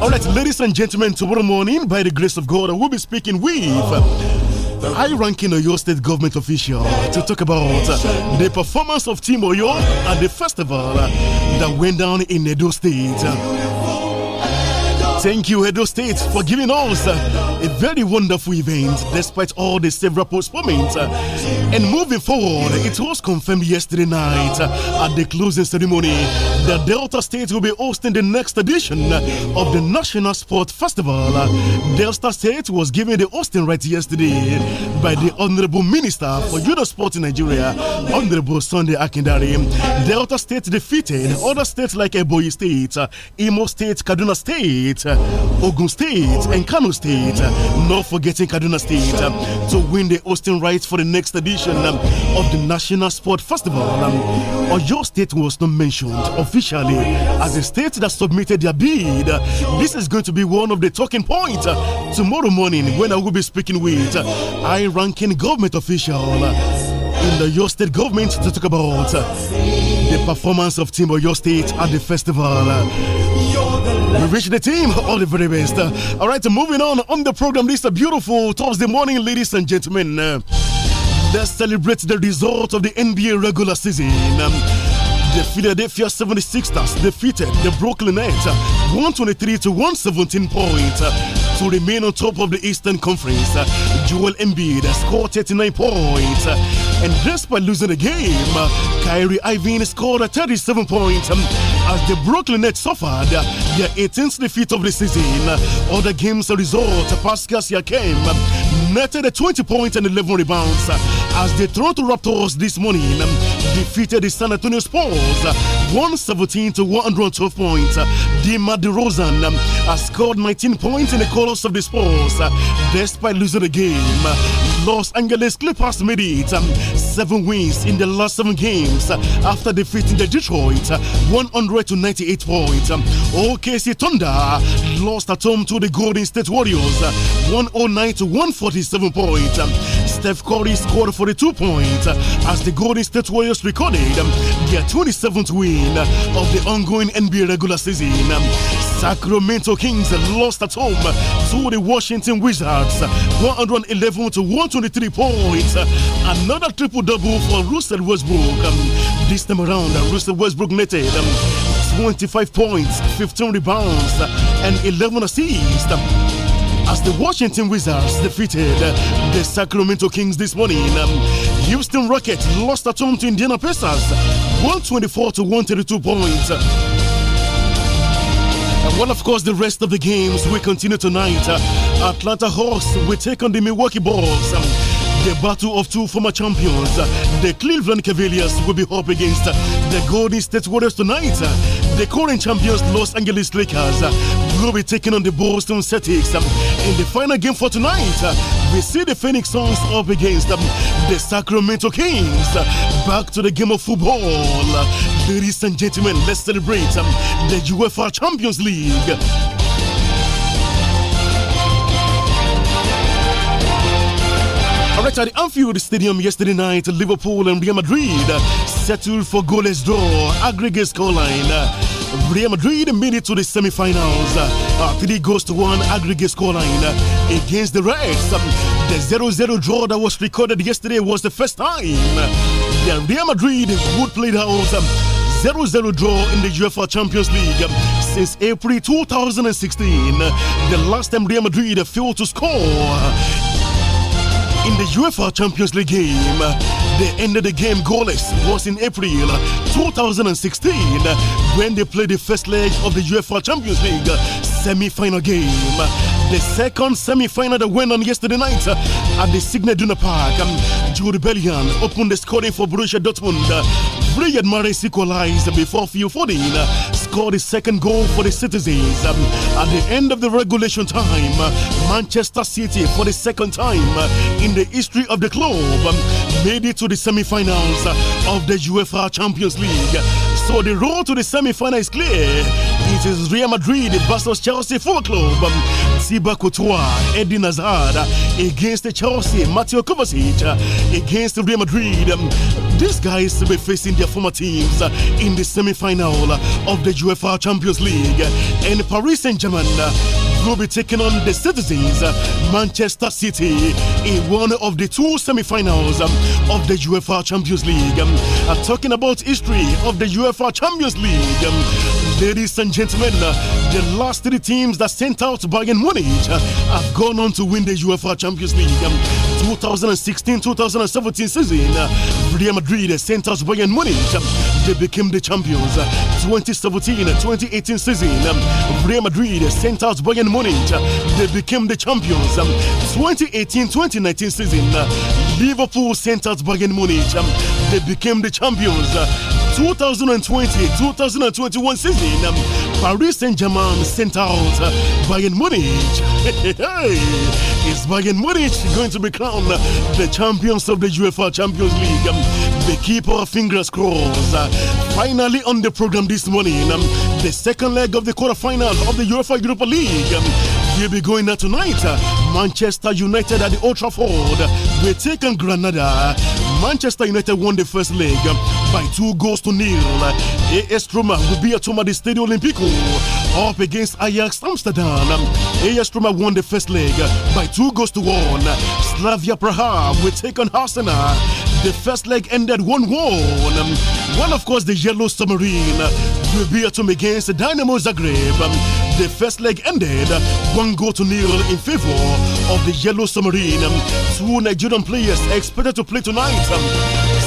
[SPEAKER 12] all right, ladies and gentlemen, tomorrow morning, by the grace of God, I will be speaking with. high ranking Oyo State government official to talk about the performance of Team Oyo at the festival that went down in Edo State. Thank you, Edo State, for giving us a very wonderful event despite all the several postponements. And moving forward, it was confirmed yesterday night uh, at the closing ceremony that Delta State will be hosting the next edition of the National Sport Festival. Uh, Delta State was given the hosting rights yesterday by the Honorable Minister for Youth Sport in Nigeria, Honorable Sunday Akindari. Delta State defeated other states like Eboyi State, uh, Imo State, Kaduna State, Ogun State, and Kano State not forgetting Kaduna State um, to win the hosting rights for the next edition um, of the National Sport Festival. Your um, Oyo State was not mentioned officially as a state that submitted their bid. This is going to be one of the talking points uh, tomorrow morning when I will be speaking with uh, high ranking government official uh, in the Yo State government to talk about the performance of Team Oyo State at the festival. We reached the team, all <laughs> the very best. Uh, all right, moving on on the program. This is a beautiful Thursday morning, ladies and gentlemen. let's uh, celebrate the result of the NBA regular season. Um, the Philadelphia 76ers defeated the Brooklyn Nets uh, 123 to 117 points uh, to remain on top of the Eastern Conference. Joel Embiid scored 39 points. And despite losing the game, Kyrie Irving scored 37 points. Um, as the Brooklyn Nets suffered their 18th defeat of the season. Other games result, Pascal Siakam netted 20 points and 11 rebounds as the Toronto Raptors this morning defeated the San Antonio Spurs 117 to 112 points. Dima DeRozan has scored 19 points in the colors of the Spurs despite losing the game. Los Angeles Clippers made it seven wins in the last seven games after defeating the Detroit 100 to 98 points. OKC Thunder lost at home to the Golden State Warriors 109 to 147 points. Steph Curry scored 42 points as the Golden State Warriors recorded their 27th win of the ongoing NBA regular season. Sacramento Kings lost at home to the Washington Wizards 111 to 123 points. Another triple double for Russell Westbrook. This time around, Russell Westbrook netted 25 points, 15 rebounds, and 11 assists as the Washington Wizards defeated the Sacramento Kings this morning. Um, Houston Rockets lost at home to Indiana Pacers 124 to 132 points. Well, of course, the rest of the games we continue tonight. Uh, Atlanta Hawks will take on the Milwaukee Bulls. Um, the battle of two former champions, uh, the Cleveland Cavaliers, will be up against uh, the Golden State Warriors tonight. The current champions, Los Angeles Lakers, will be taking on the Boston Celtics um, in the final game for tonight. Uh, we see the Phoenix Suns up against um, the Sacramento Kings. Back to the game of football. Ladies and gentlemen, let's celebrate um, the UEFA Champions League. Right at the Anfield Stadium yesterday night, Liverpool and Real Madrid uh, settled for goalless draw, aggregate scoreline. Uh, Real Madrid made it to the semi-finals. Uh, uh three goals to one aggregate scoreline uh, against the Reds. Um, the 0-0 draw that was recorded yesterday was the first time uh, that Real Madrid would play the house. 0-0 um, draw in the UEFA Champions League um, since April 2016. The last time Real Madrid failed to score in the UEFA Champions League game. They ended the game goalless. was in April 2016 when they played the first leg of the UEFA Champions League semi-final game. The second semi-final that went on yesterday night at the Signet Duna Park. Um, Jude opened the scoring for Borussia Dortmund. Brilliant Mahrez equalized before Fio 14 scored his second goal for the citizens um, at the end of the regulation time. Manchester City, for the second time uh, in the history of the club, um, made it to the semi-finals uh, of the UEFA Champions League. So the road to the semi-final is clear versus Real Madrid versus Chelsea Football Club. Um, Thibaut Courtois, against Chelsea, Matteo Kovacic against Real Madrid. these guys will be facing their former teams in the semi-final of the UEFA Champions League. And Paris Saint-Germain will be taking on the citizens Manchester City in one of the two semi-finals of the UEFA Champions League. I'm talking about history of the UEFA Champions League. Ladies and gentlemen, uh, the last three teams that sent out Bayern Munich have gone on to win the UEFA Champions League. Um, 2016 2017 season, uh, Real Madrid uh, sent out Bayern Munich they became the champions. 2017-2018 season, Real Madrid sent out Bayern Munich. They became the champions. 2018-2019 season, Liverpool sent out Bayern Munich. They became the champions. 2020-2021 season, Paris Saint-Germain sent out Bayern Munich. <laughs> Is Bayern Munich going to become the champions of the UEFA Champions League? we keep our fingers crossed. Uh, finally on the program this morning, um, the second leg of the quarterfinal of the UEFA Europa League. Um, we'll be going there tonight. Uh, Manchester United at the Old Trafford. We're taking Granada. Manchester United won the first leg um, by two goals to nil. Uh, AS Roma will be at home at the Stadio Olimpico up against Ajax Amsterdam. Um, AS Roma won the first leg uh, by two goals to one. Slavia Praha will take on Arsenal. The first leg ended 1 1. Um, well, of course, the Yellow Submarine will be at home against Dynamo Zagreb. Um, the first leg ended one goal to nil in favor of the Yellow Submarine. Um, two Nigerian players expected to play tonight.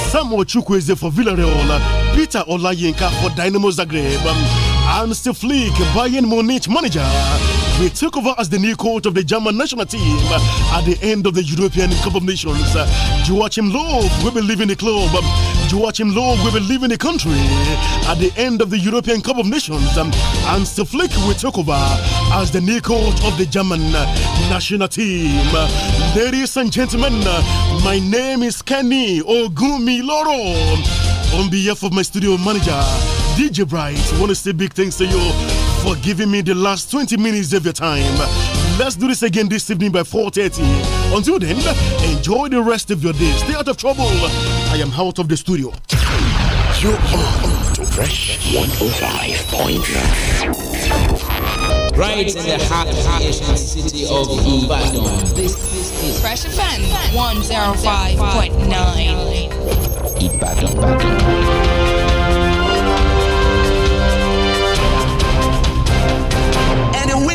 [SPEAKER 12] Samuel Chukwueze for Villarreal, Peter Olayinka for Dynamo Zagreb. Hans Flick, Bayern Munich manager, we took over as the new coach of the German national team at the end of the European Cup of Nations. Joachim Löw will be leaving the club. Joachim Löw will be leaving the country at the end of the European Cup of Nations. Hans Flick will take over as the new coach of the German national team. Ladies and gentlemen, my name is Kenny Ogumiloro. On behalf of my studio manager, DJ Bright, want to say big thanks to you for giving me the last 20 minutes of your time. Let's do this again this evening by 4.30. Until then, enjoy the rest of your day. Stay out of trouble. I am out of the studio. You are to Fresh
[SPEAKER 2] 105.9. Right in the heart of the city of Ibadan. This
[SPEAKER 4] is Fresh Offense 105.9. Ibadan. Ibadan.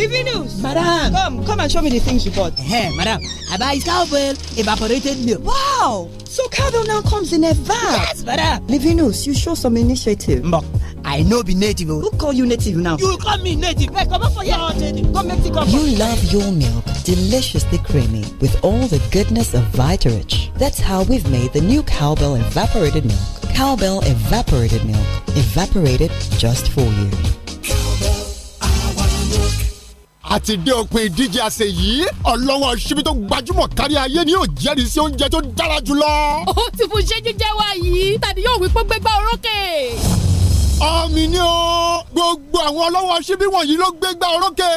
[SPEAKER 6] Livinus. Madam. Come, come and show me the things you bought. Hey, madam. I buy cowbell, evaporated milk. Wow. So cowbell now comes in a van. Yes, madam. Livinus, you show some initiative. But I know be native. Oh. Who call you native now?
[SPEAKER 14] You call me native. Hey, come up for your native. Come make the cup. You
[SPEAKER 6] love your milk deliciously creamy with all the goodness of Vitarich. That's how we've made the new cowbell evaporated milk. Cowbell evaporated milk. Evaporated just for you. Cowbell, àti
[SPEAKER 8] dé òpin ìdíje àṣẹ yìí ọlọ́wọ́ ṣíbí tó gbajúmọ̀ kárí ayé ni yóò jẹ́rìí sí oúnjẹ tó
[SPEAKER 6] dára jùlọ. ó ti fún iṣẹ́ jíjẹ wa yìí tàbí yóò wí pé gbégbá orókè.
[SPEAKER 17] ọmọ ni ó gbogbo àwọn ọlọ́wọ́ ṣíbí wọ̀nyí ló gbégbá orókè.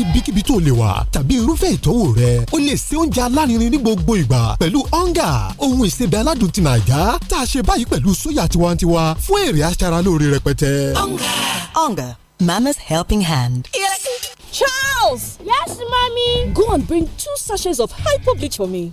[SPEAKER 7] Ibikíbi tó lè wà tàbí irúfẹ́ ìtọ́wò rẹ o lè ṣe oúnjẹ alárinrin ní gbogbo ìgbà pẹ̀lú ọ̀ngà ohun ìsebẹ̀ aládùn ti nàjà tá a ṣe báyìí pẹ̀lú sóyà tiwantiwa fún èrè aṣaralóore rẹpẹtẹ. ọ̀ngà
[SPEAKER 6] ọ̀ngà Mama's helping hand. Charles! Yes, mommy? Go and bring two sachets of hypo bleach for me.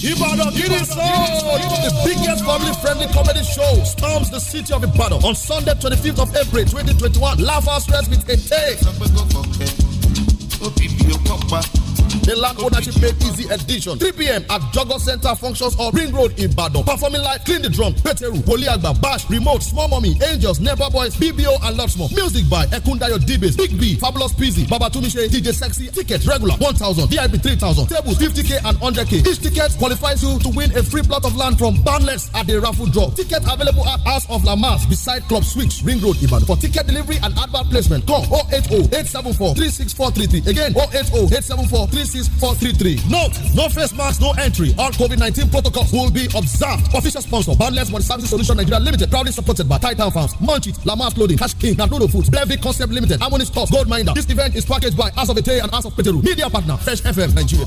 [SPEAKER 8] Ibadan Kini Soul, oh, the biggest family-friendly comedy show, storms the city of Ibadan on Sunday, 25th of April, 2021. Laugh our stress with a tape. The land ownership made easy edition. 3 p.m. at Jogger Center Functions Hall, Ring Road, Ibadan. Performing live, clean the drum, Peteru, Poliagba, Bash, Remote, Small Mommy, Angels, Neighbor Boys, BBO, and lots more. Music by Ekundayo DBs, Big B, Fabulous Peasy, Babatumishe, DJ Sexy. Tickets regular 1,000, VIP 3,000, tables 50k and 100k. Each ticket qualifies you to win a free plot of land from Barnless at the raffle draw. Ticket available at House of Lamas beside Club Switch, Ring Road, Ibadan. For ticket delivery and advert placement, call 080 874 36433. Again, 080 874 36433 six four three three. Note: No face masks, no entry. All COVID nineteen protocols will be observed. Official sponsor: Badlands Money Services Solution Nigeria Limited. Proudly supported by Titan Farms, Munchit, Lamar Clothing, Cash King, Naruto Foods, Brevi Concept Limited, Harmony Stores, Gold Minder. This event is packaged by House of Ete and House of Peteru. Media partner: Fresh FM Nigeria.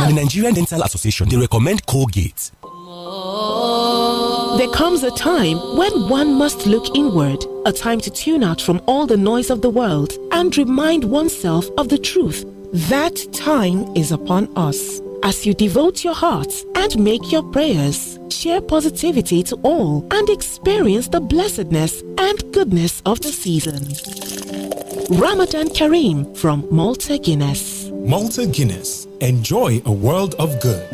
[SPEAKER 7] Now, the Nigerian Dental Association, they recommend Colgate.
[SPEAKER 6] There comes a time when one must look inward, a time to tune out from all the noise of the world and remind oneself of the truth. That time is upon us. As you devote your hearts and make your prayers, share positivity to all and experience the blessedness and goodness of the season. Ramadan Kareem from Malta Guinness.
[SPEAKER 11] Malta Guinness. Enjoy a world of good.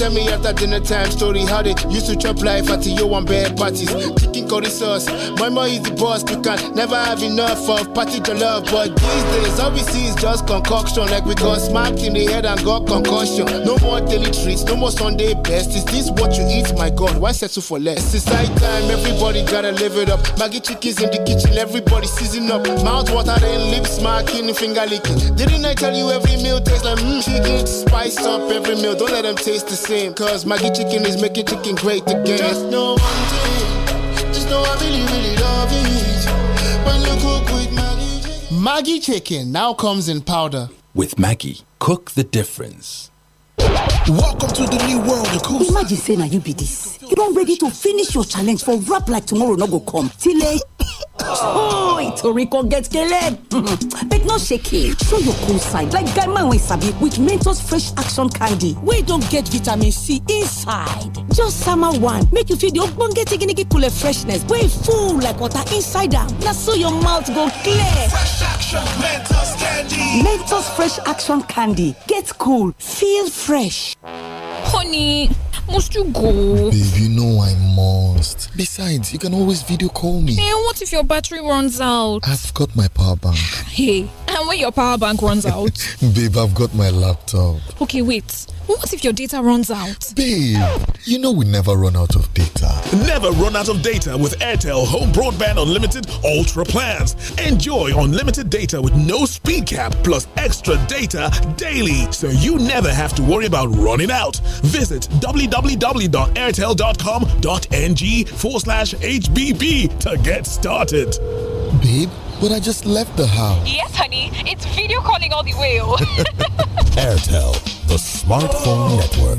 [SPEAKER 18] Tell me after dinner time story how they used to chop life at your one bad parties. Chicken curry sauce, my mom is the boss. You can never have enough of party to love. But these days, all we see is just concoction. Like we got smacked in the head and got concussion. No more daily treats, no more Sunday best. Is this what you eat? My God, why settle for less? It's night time, everybody gotta live it up. Maggie chickens in the kitchen, everybody season up. Mouth
[SPEAKER 8] water, then lips smacking, finger
[SPEAKER 18] licking. Didn't I tell you every meal tastes like mmm? Chicken spiced up every meal. Don't let them taste the same same. Cause Maggie Chicken is making chicken great again. Just know one thing, just know I really, really love it. When you cook with Maggie Chicken. Maggie Chicken now
[SPEAKER 7] comes in powder.
[SPEAKER 11] With Maggie, cook the difference.
[SPEAKER 7] Welcome to the
[SPEAKER 6] new world, Akusa. Imagine saying, na you be this. You don't ready to finish your challenge for rap like tomorrow no go come. a. Oh, a record get killed. But not shaking. Show your cool side like guy man wey sabi with Mentos fresh action candy we don't get vitamin C inside. Just summer one make you feel the ogbonge pull cool freshness Way full like water inside Now so your mouth go clear. Fresh action Mentos candy. Mentos fresh action candy. Get cool. Feel free fresh. Honey, must you go?
[SPEAKER 8] Babe, you know I must. Besides, you can always video call me. Hey,
[SPEAKER 6] what if your battery runs out?
[SPEAKER 8] I've got my power bank.
[SPEAKER 6] Hey, and when your power bank runs out?
[SPEAKER 8] <laughs> Babe, I've got my laptop.
[SPEAKER 6] Okay, wait. What if your data runs out?
[SPEAKER 11] Babe, you know we never run out of data. Never run out of data with Airtel Home Broadband Unlimited Ultra plans. Enjoy unlimited data with no speed cap plus extra data daily so you never have to worry about running out. Visit www.airtel.com.ng forward slash HBB to get started. Babe, but I just left
[SPEAKER 10] the house.
[SPEAKER 6] Yes, honey. It's video calling all the way. Oh. <laughs>
[SPEAKER 10] Airtel, the smartphone network.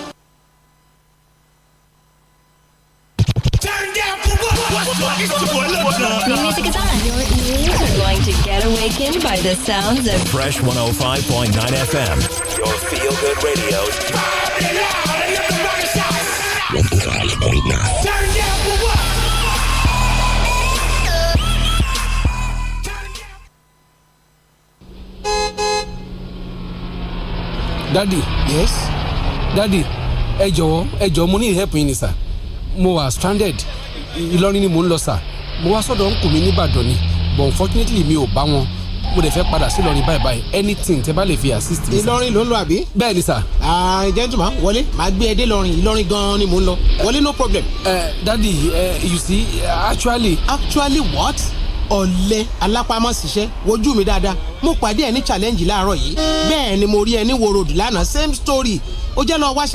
[SPEAKER 13] What's New music
[SPEAKER 3] is on. Your ears are going to get awakened
[SPEAKER 10] by the sounds of Fresh 105.9 FM. Your feel good radio. Turn down for what?
[SPEAKER 7] Daddy. Yes. Daddy. ejo, ejo, ẹ help yín ni sir. Mo stranded. Ìlọrin ni mò ń lọ sà mo wá sọ́dọ̀ ń kù mí nìbàdàn ni but unfortunately mi ò bá wọn mo dẹ̀ fẹ́ padà sí Ìlọrin báyìí báyìí anything tẹ bá lè fi assist mi. Ìlọrin ló ń lọ àbí. bẹ́ẹ̀ ni sà. gentleman wọlé màá gbé ẹ dé Ìlọrin gan ni mò ń lọ wọlé no problem. Uh, daddy uh, you
[SPEAKER 18] see actually. actually what? ọ̀lẹ alápámọ́síṣẹ́ wojú mi dáadáa mo pàdé ẹ ní challenge láàárọ̀ yìí bẹ́ẹ̀ ni mo rí ẹ ní wòròd lánàá same story ó jẹ́ lọ wá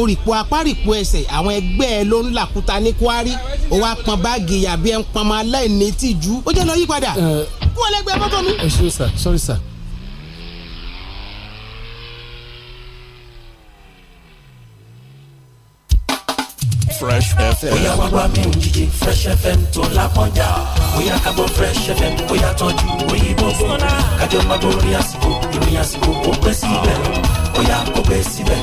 [SPEAKER 18] orìpọ̀ apárìpọ̀ ẹsẹ̀ àwọn ẹgbẹ́ ẹ ló ń làkúta ní kwari ó wá pọn báàgì yàbí ẹ ń pọn ọmọ aláìní tìjú ó jẹ́ lọ yípadà
[SPEAKER 19] kú ọlẹ́gbẹ́ mọ́tò mi. ẹ ṣe
[SPEAKER 18] sir sorry sir
[SPEAKER 13] Fresh
[SPEAKER 7] FM. bóyá wá
[SPEAKER 13] wá mi ò Fresh FM tó lápọ́njà bóyá ká Fresh FM bóyá tọ́jú òyìnbó fún kájọ máa borí àsìkò ìròyìn àsìkò ó pẹ́ síbẹ̀ bóyá kò pẹ́ síbẹ̀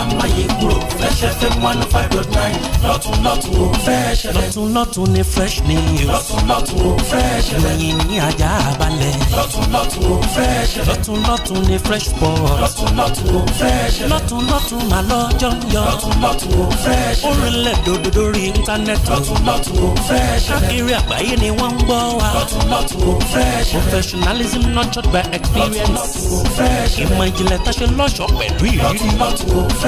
[SPEAKER 7] amáyé kúrò Fresh
[SPEAKER 13] FM one oh five dot nine lọ́tún lọ́tún ó Fresh FM. lọ́tún lọ́tún ni fresh news. lọ́tún lọ́tún ó Fresh FM. lẹ́yìn ní ajá balẹ̀. lọ́tún lọ́tún ó Fresh FM. lọ́tún lọ́tún ni fresh sport. lọ́tún lọ́tún ó Fresh FM. lọ́tún lọ́tún mà lọ́jọ́ ń yọ. lọ́tún lọ́tún ó Fresh FM. orílẹ̀ dòdò lórí íńtánẹ́ẹ̀tì. lọ́tún lọ́tún ó Fresh FM. káàkiri àgbáyé ni wọ́n ń gbọ́ wa. lọ́tún lọ́tún ó Fresh FM. professionalism nurtured by experience. lọ́tún lọ́tún ó Fresh FM. ìmọ̀ ìjìnlẹ̀ tá a ṣe lọ́ṣọ̀ọ́ pẹ̀lú ìrírí. lọ́tún lọ́tún ó Fresh FM.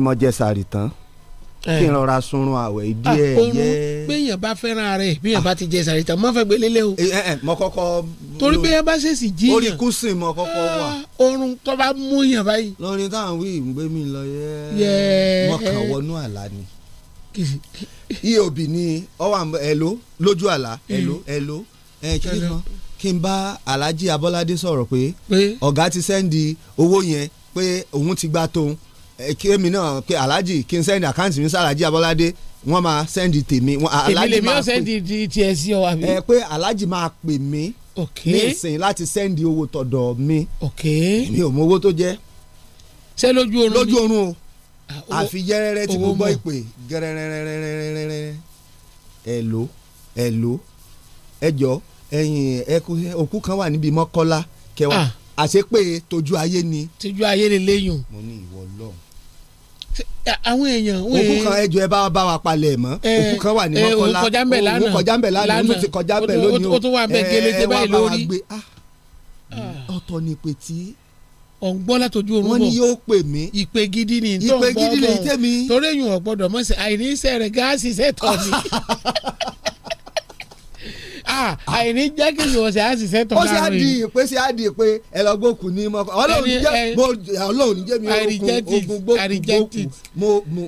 [SPEAKER 20] mo jẹ sàrì tán eh. kí n rọra sunrun àwẹ̀ díẹ̀ ah, yẹ.
[SPEAKER 18] béèyàn bá fẹ́ràn rẹ̀ béèyàn bá ti jẹ sàrì tán mọ́ fẹ́ gbé lélẹ̀ o. Eh, eh, mo kọ́kọ́. torí béèyàn bá ṣèṣì jí yàn. orí kùsìn
[SPEAKER 20] mo kọ́kọ́ wà. Ah, oorun tó bá mú yàn báyìí. lórí táwọn wí ìgbé mi lọ yẹ. mo kàn wọnú àlá ni. eob ni ọwọ ẹlò lójú àlá ẹlò ẹlò ẹ kí ni kí n bá Alhaji Abolade sọ̀rọ̀ pé ọ̀gá ti sẹ́ndì owó yẹn pé òun ti gbà tóun kémi náà pé aláàjì kí n sẹ́ndì àkáǹtì mi sàràjì abọ́ládé wọ́n máa sẹ́ndì tèmi. èmi lèmi ò sẹ́ndì tiẹ̀ sí ọ àbí. ẹ pé aláàjì máa pè mí ní ìsìn láti sẹ́ndì owó tọ̀dọ̀ mi mi ò mọ owó tó jẹ́. ṣé lójú oorun lójú oorun o ah, àfi yẹrẹrẹ tí mo gbọ́ ìpè gẹrẹrẹrẹrẹrẹrẹ ẹ lò ẹ lò ẹ jọ ẹyin òkú kan wà níbi mọ́kọ́lá kẹwàá ah. àṣepé tójú ayé ni. tójú ayé lè léyùn. mo ní ìwọ lọ́hùn àwọn èèyàn. òkú kan ẹjọ ẹ bá bá wa palẹ̀ mọ́ òkú kan wà ní mọ́kànlá òkú kọjá mbẹ̀ lánàá lánàá òkú ti kọjá mbẹ̀ lónìí o ó tún wà mbẹ̀ gẹlẹ́tẹ̀ báyìí lórí.
[SPEAKER 3] Ah, ah. ọ̀tọ̀
[SPEAKER 20] ni pé tí. ọ̀n gbọ́ látọjú orúkọ wọ́n ní yóò pè mí. ìpè gidi ni tó ń bọ́ ọ̀gbọ́n
[SPEAKER 18] torí èyàn ọ̀gbọ́dọ̀ mọ̀ sí àìníṣẹ́ rẹ̀ gáàsì sẹ́tọ̀ ni. <laughs>
[SPEAKER 20] Ah, àìní jẹ́ kí ìwọ ṣe á sì ṣètò láàrin. ó ṣe á di ìpè ṣe á di ìpè ẹlọgbòkù ni mo ọlọ́run jẹ́ mo ọlọ́run jẹ́ mi ogun gbòkù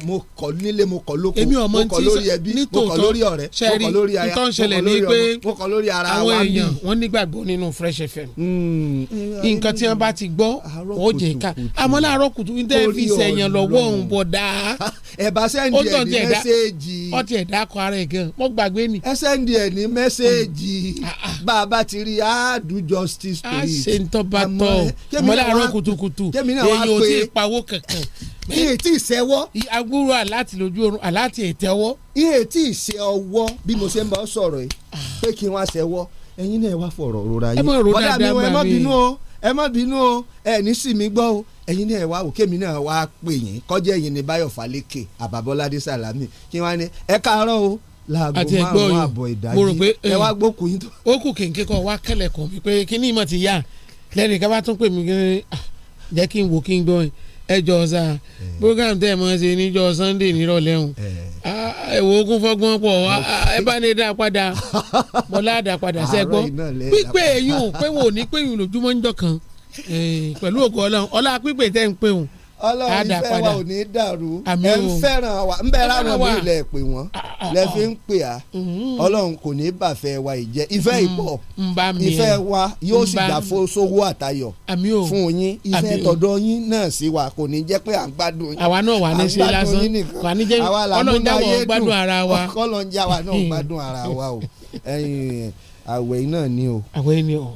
[SPEAKER 20] mo kọ̀ nílé mo kọ̀ lóko mo kọ̀ lórí ẹbí mo kọ̀ lórí ọ̀rẹ́ mo kọ̀ lórí aya mo kọ̀ lórí ara wa mi. àwọn èèyàn
[SPEAKER 18] wọn nígbàgbọ́ nínú Fresh FM mm. nǹkan tí wọ́n bá ti gbọ́ ó jẹ́ ká àmọ́ láàárọ̀ kùtù ní tẹ́lifí sẹ̀yàn lọ́wọ́ òun bọ̀ dáa. <laughs> ẹ bá sẹ́ndì ẹ̀ ní mẹ́sẹ́ẹ̀jì. ó ti ẹ̀dá ara ẹ̀ gan mo gbàgbé ni. ẹ sẹ́ndì
[SPEAKER 20] ẹ̀ ní mẹ́sẹ́ẹ̀jì méjì bá a bá ti rí àádú justice story. a ṣe ń tọ́ba tọ́ ọmọdé àárọ̀ kùtùkùtù èyí ò tí ì
[SPEAKER 18] pawó kankan.
[SPEAKER 20] iye tí ì sẹ́wọ́.
[SPEAKER 18] agbúrò aláàtì lójú oorun aláàtì
[SPEAKER 20] ètẹ́wọ́. iye tí ì sẹ́ ọwọ́ bí mo ṣe ń bá ọ sọ̀rọ̀ yìí ah. pé kí n wá sẹ́wọ́ ẹ̀yin náà wá fọ̀rọ̀ rora yìí. ẹ mọ̀ ròdà dábàá mi ẹ mọ̀ bínú o ẹ mọ̀ bínú o ẹ ní sì mí gbọ́ o ẹ̀yin náà wá òkè mi náà wá pè yín kọjá ẹ̀yin ni Báyọ̀ Fálékè àbábọ́ládé Sàlámì kí wọ́n á ní ẹ káàárọ̀ o láago márùn-ún àbọ̀ ìdájí ẹ eh, wá gbókùn yín tó. ó kù kéńké kan wá kẹlẹ̀kùn mi pé kí ni ìmọ̀ ti yá lẹ́nu ìka
[SPEAKER 18] bá tún pè mí ah, jẹ́ kí n wò kí n gbọ́ ẹ jọ eh. program tẹ́ ẹ mọ̀ ṣe níjọ́ Sunday nírọ̀lẹ́ ọ̀hún ẹ̀wọ̀ ogun fọ́gbọ́n pọ̀ ah, ẹ bá ní dá padà bọ́lá dá padà sẹ́gbọ́ pípé eyín ò pé wò ní pé eyín lójúmọ́ ń kan eh, pẹ̀lú ògo Ọlọ́run ọlá pípé tẹ́ ń pé òun ọlọ́run ìfẹ́ wa ò ní
[SPEAKER 20] dàrú ẹ ń fẹ́ràn wa ń bẹ̀rẹ̀ àwọn mi lẹ̀ pè wọ́n ah, ah, lẹ ah. fi ń pè á mm-hmm. ọlọ́run kò ní bàfẹ́ wa ìjẹ́ ìfẹ́ mm-hmm. ìpọ̀ mm, ìfẹ́ wa yóò sì mm, dà sówó àtayọ̀ fún yín ìfẹ́ tọ̀dọ̀ yín náà sí wa kò ní jẹ́ pé à ń gbádùn yín àwa náà wà ní sí lásán wà ní jẹ́ ọlọ́run gbádùn ara wa <laughs> ọlọ́run náà hmm. gbádùn ara wa o àwẹ̀ náà ni o àwẹ̀ ni o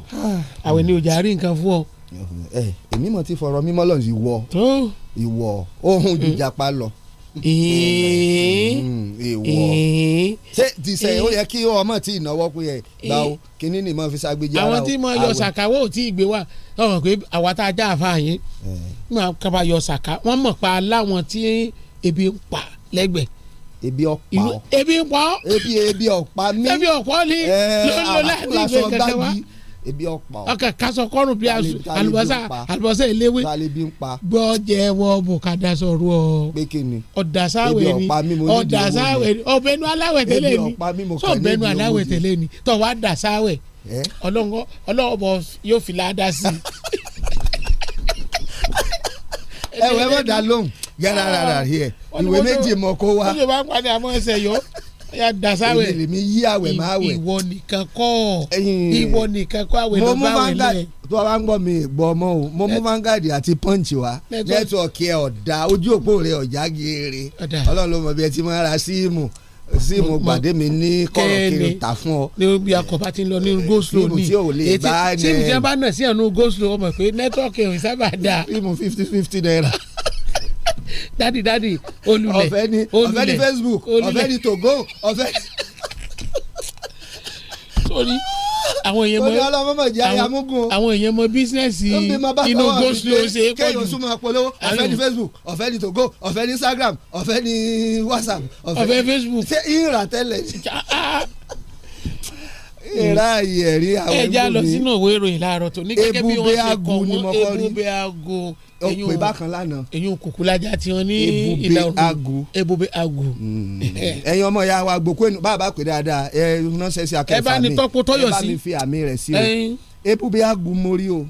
[SPEAKER 3] àwẹ̀ ni o jàrí
[SPEAKER 20] nǹkan fún ọ ẹ eh, èmi mọ̀ ti fọ̀rọ̀ mímọ́ lọ ìwọ ìwọ ohun jíjàpá hmm. lọ. Hmm, ìwọ ṣé tìṣe ó yẹ kí ọmọ tí ìnáwó pé ẹ gbà ó kíní ni mo fi ṣàgbéjì ara o. àwọn tí mo yọ ṣàkàwọ́ ò tí ì gbé wá ọmọ
[SPEAKER 18] pé àwa tá a já àfa yín máa kaba yọ ṣàkà wọ́n mọ̀ pa láwọn tí
[SPEAKER 20] ebi ń pa lẹ́gbẹ̀ẹ́ ebi ọ̀pá
[SPEAKER 18] ebi ọ̀pá mi ebi ọ̀pá ni eh, lọ́lọ́ láti ìgbẹ́ kẹta wa ebi ọ̀pá ọ. ọkà kásọ kọrùn bíi àlùbọ́sà àlùbọ́sà eléwé gbọ́ jẹ́wọ́ bùkádà sọ̀rọ̀ ọ. pé kí ni ọ̀dà sáwẹ̀ ni ọ̀dà sáwẹ̀ ni ọ̀bẹ̀nu aláwẹ̀ tẹ́lẹ̀ ni sọ̀bẹ̀nu aláwẹ̀ tẹ́lẹ̀ ni tọ̀wá dà sáwẹ̀ ọlọ́ngọ́ ọlọ́ọ̀bọ yóò fi láàdá sí i.
[SPEAKER 20] <laughs> ẹ wẹ́ẹ́ mọ̀ dá lóhùn yàrá rà rà yẹ ìwé méjì mọ̀ kó wá. ó lè
[SPEAKER 18] wá padà ẹsẹ̀ yọ <laughs> ya dasawe èmi lèmi yí àwẹ̀ máa wẹ̀. ìwọ
[SPEAKER 20] nìkan kọ́ ìwọ nìkan
[SPEAKER 18] kọ́ àwẹ̀ ló bá wẹ̀ lẹ̀.
[SPEAKER 20] tó o bá ń gbọ́ mi gbọ́ ọmọ o mo mú vangadi àti punch wa nẹ́tíwọ̀kì ẹ̀ ọ̀dà ojú òpó rẹ̀ ọ̀já geere ọlọ́run ló mọ̀ bí ẹ ti máa ra síìmù síìmù gbàdé mi ní kọ̀rọ̀ kiri ta fún ọ. ní bí akọ̀bá ti ń lọ ní goslo ní síìmù tí ò lè bá ní síìmù tí wọ́n
[SPEAKER 18] bá nà sí ẹ̀ ní goslo ọmọ pé nẹ́tíwọ̀kì ò sábà dáa. síìmù fifty fifty naira dadi dadi olùlẹ̀ ọ̀fẹ́ ni ọ̀fẹ́ ni Facebook ọ̀fẹ́ ni Togo ọ̀fẹ́ ni.
[SPEAKER 20] sori àwọn èèyàn mọ
[SPEAKER 18] àwọn èèyàn mọ bísínẹ́sì inú go slow ṣe é pọ̀jù. kéèyàn
[SPEAKER 20] súnmọ́ apolówó ọ̀fẹ́ ni Facebook ọ̀fẹ́ ni Togo ọ̀fẹ́ ni Instagram ọ̀fẹ́ ni WhatsApp ọ̀fẹ́ Facebook ṣé ìrà tẹ́lẹ̀ ni ah, ah.
[SPEAKER 18] ìrà ìyẹ̀rí àwọn ebùbí ẹja lọ sínú ìwé ìròyìn láàárọ̀ tó ní gẹ́gẹ́ bí wọ́n ṣe kọ́
[SPEAKER 20] wọ́n ebùbí aago ó pè bákan lánàá. èyí ò kùkú lajà tí wọn ní ìlà òru ebube agu ebube agu. Mm. ẹ̀yin ọmọ ìyá wa gbòkó ẹnu bàbá pè dáadáa ẹ ránṣẹ́ sí akẹ́fà mi ẹ bá ní tọ́pọ̀ tọ́yọ̀ sí ẹ bá mi fi àmì rẹ̀ sí o ebube agu mori o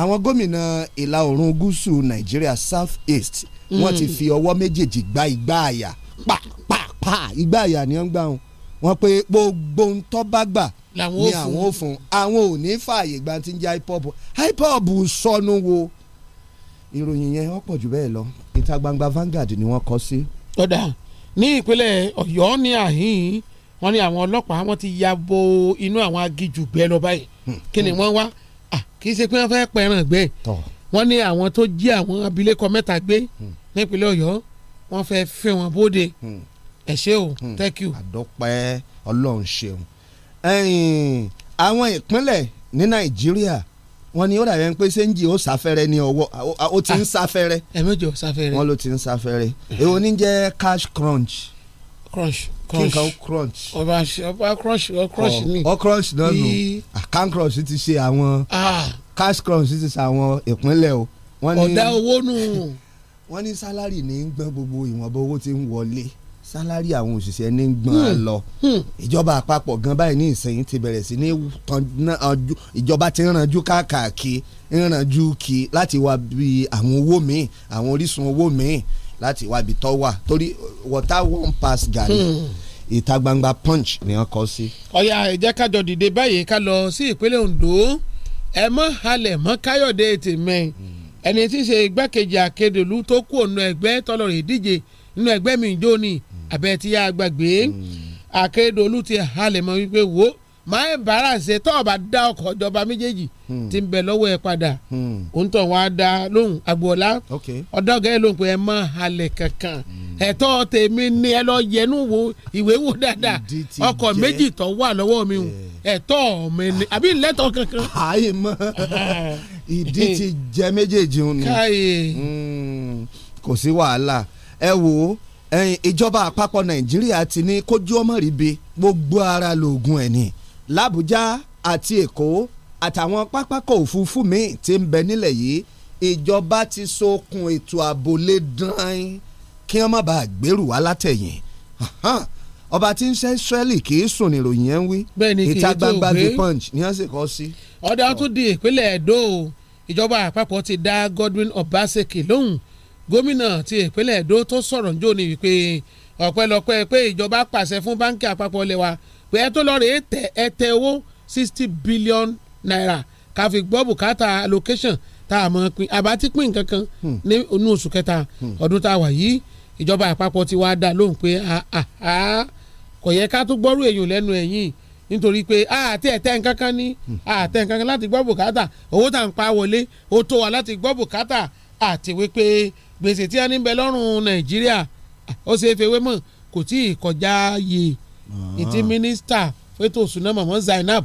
[SPEAKER 20] àwọn gómìnà ìlà oòrùn gúúsù nàìjíríà south east wọ́n ti mm. fi ọwọ́ méjèèjì gba igbá àyà pàpàpà igbá àyà ni wọ́n gbà wọn wọ́n pé gbogbo ń tọ́ bá gbà ni àwọn ò àwọn ò ní fààyè gbantinja hip hop hip hop sọnù wo ìròyìn yẹn ó jù bẹ́ẹ̀ lọ ìta gbangba Vanguard ni wọ́n kọ sí. ọ̀dà
[SPEAKER 18] ní ìpínlẹ̀ Ọ̀yọ́ ní àhín wọ́n ní àwọn ọlọ́pàá wọ́n ti ya bo inú àwọn agijù gbẹ lọ báyìí hmm. kí ni wọ́n wá kì í ṣe pé wọ́n fẹ́ pẹ̀ràn gbẹ wọ́n ní àwọn tó jí àwọn abilékọ mẹ́ta gbé hmm. nípínlẹ̀ Ọ̀yọ́ wọ́n
[SPEAKER 20] fẹ́ fẹ́ wọn bóde hmm. ẹ ṣé o thank you. àdọ́pẹ́ ọlọ́run ṣeun àwọn ìpínlẹ̀ ní Nàìjíríà wọ́n ní ó dàbẹ̀ pé sẹ́ńjì ó sáfẹ́rẹ́ ní ọwọ́ ó ti ń sáfẹ́rẹ́. Ah, ẹ̀mẹ́jọ sáfẹ́rẹ́. wọ́n ló ti ń sáfẹ́rẹ́. èwo ní jẹ́ cash crunch. crunch crunch kí n kan
[SPEAKER 18] crunch. ọba ọba crunch ọ
[SPEAKER 20] crunch ni. ọ crunch náà nù ah, account crunch ti ṣe àwọn ah. cash crunch ti ṣe àwọn ìpínlẹ̀ o. ọ̀dà owó nù. <laughs> wọ́n ní sálárì ní gbọ́n gbogbo ìwọ̀nba owó ti ń wọlé sálárì àwọn òṣìṣẹ́ ní gbọ̀n hmm. lọ hmm. ìjọba àpapọ̀ gan báyìí ní ìsẹ̀yìn ti bẹ̀rẹ̀ sí ní ìjọba ti rànjú káàkiri rànjú kí láti wá bí àwọn owó míì àwọn orísun owó míì láti wá bí tọ́ wà torí uh, water one pass gari hmm. ìta gbangba punch ni wọ́n kọ sí.
[SPEAKER 18] ọ̀ya ìjẹ́ kájọ dìde báyìí ká lọ sí ìpínlẹ̀ Ondo ẹ mọ́ halẹ̀ mọ́ Káyọ̀dé tèmẹ́ ẹni tí ń ṣe igbákejì Akérédolú tó kú òun ẹgbẹ́ tọ́lọ́rìn ìdíje nínú ẹgbẹ́ mi ìjó ni àbẹ̀ tí a gbàgbé hmm. Akérédolú ti halẹ̀ mọ́ wípé wo máa ń bára ṣe tọ́ ọba dá ọkọ̀ ìjọba méjèèjì hmm. tí ń bẹ lọ́wọ́ ẹ padà òun hmm. tàn wá lóhùn agboola ọ̀dọ́ lóhùn pé ẹ mọ halẹ̀ kankan ẹ̀tọ́ tèmi ni ẹ lọ yẹnu wo ìwé wò dáadáa ọkọ̀ méjì tó wà lọ́wọ́ mi hùn ẹ̀tọ́ mi ni àbí lẹ́tọ̀ kankan. <laughs> ààyè mọ <laughs> ìdí ti
[SPEAKER 20] jẹ méjèèjì hùn ni kò sí wàhálà ẹ wò ó ìjọba àpapọ̀ nàìjíríà ti ní kójú ọmọ ríbi gbogbo ara lóògùn ẹ̀ ní làbújá àti èkó àtàwọn pápákọ̀ òfurufú míì ti ń bẹ nílẹ̀ yìí ìjọba ti sokùn ètò ààbò lé dán kí wọ́n má bàa gbèrú wá látẹ̀yìn ọba tí ń ṣe israeli kì í sùn níròyìn ẹ̀ ń wí ìta gbangba the punch
[SPEAKER 18] ni wọ́n sì kọ́ sí. ọ̀dà tún di ìpínlẹ̀ Ẹdó ìjọba àpapọ̀ ti dá Godwin Obaseki lóhùn gómìnà ti ìpínlẹ̀ èdò tó sọ̀rọ̀ ń jò ní wípé ọ̀pẹ́lọpẹ́ pé ìjọba pàṣẹ fún báńkì àpapọ̀ ilẹ̀ wa pé ẹ tó lọ rèé tẹ ẹ tẹ owó sixty billion naira ká fi gbọ́ bùkátà allocation tá a mọ̀ pin àbá ti pín nǹkan kan hmm. ní inú oṣù kẹta hmm. ọdún tá a wà yìí ìjọba àpapọ̀ ti wá dá lóhùn pé ah, ah, ah, kò yẹ ká tó gbọ́rú èèyàn lẹ́nu ẹ̀yìn nítorí pé àti ẹ̀tẹ́ nǹkan ní àtẹ̀ hmm. nǹkan láti gbọ́ bùkátà owó tá à ń pa wọlé ó tó wa láti gbọ́ bùkátà àti wípé gbèsè tí a ní bẹ lọ́rùn nàìjíríà ó ṣe é mọ̀ kò tí ì kọjá yè ìtí mínísítà fẹ́tò ìṣúná mọ̀mọ́ Zainab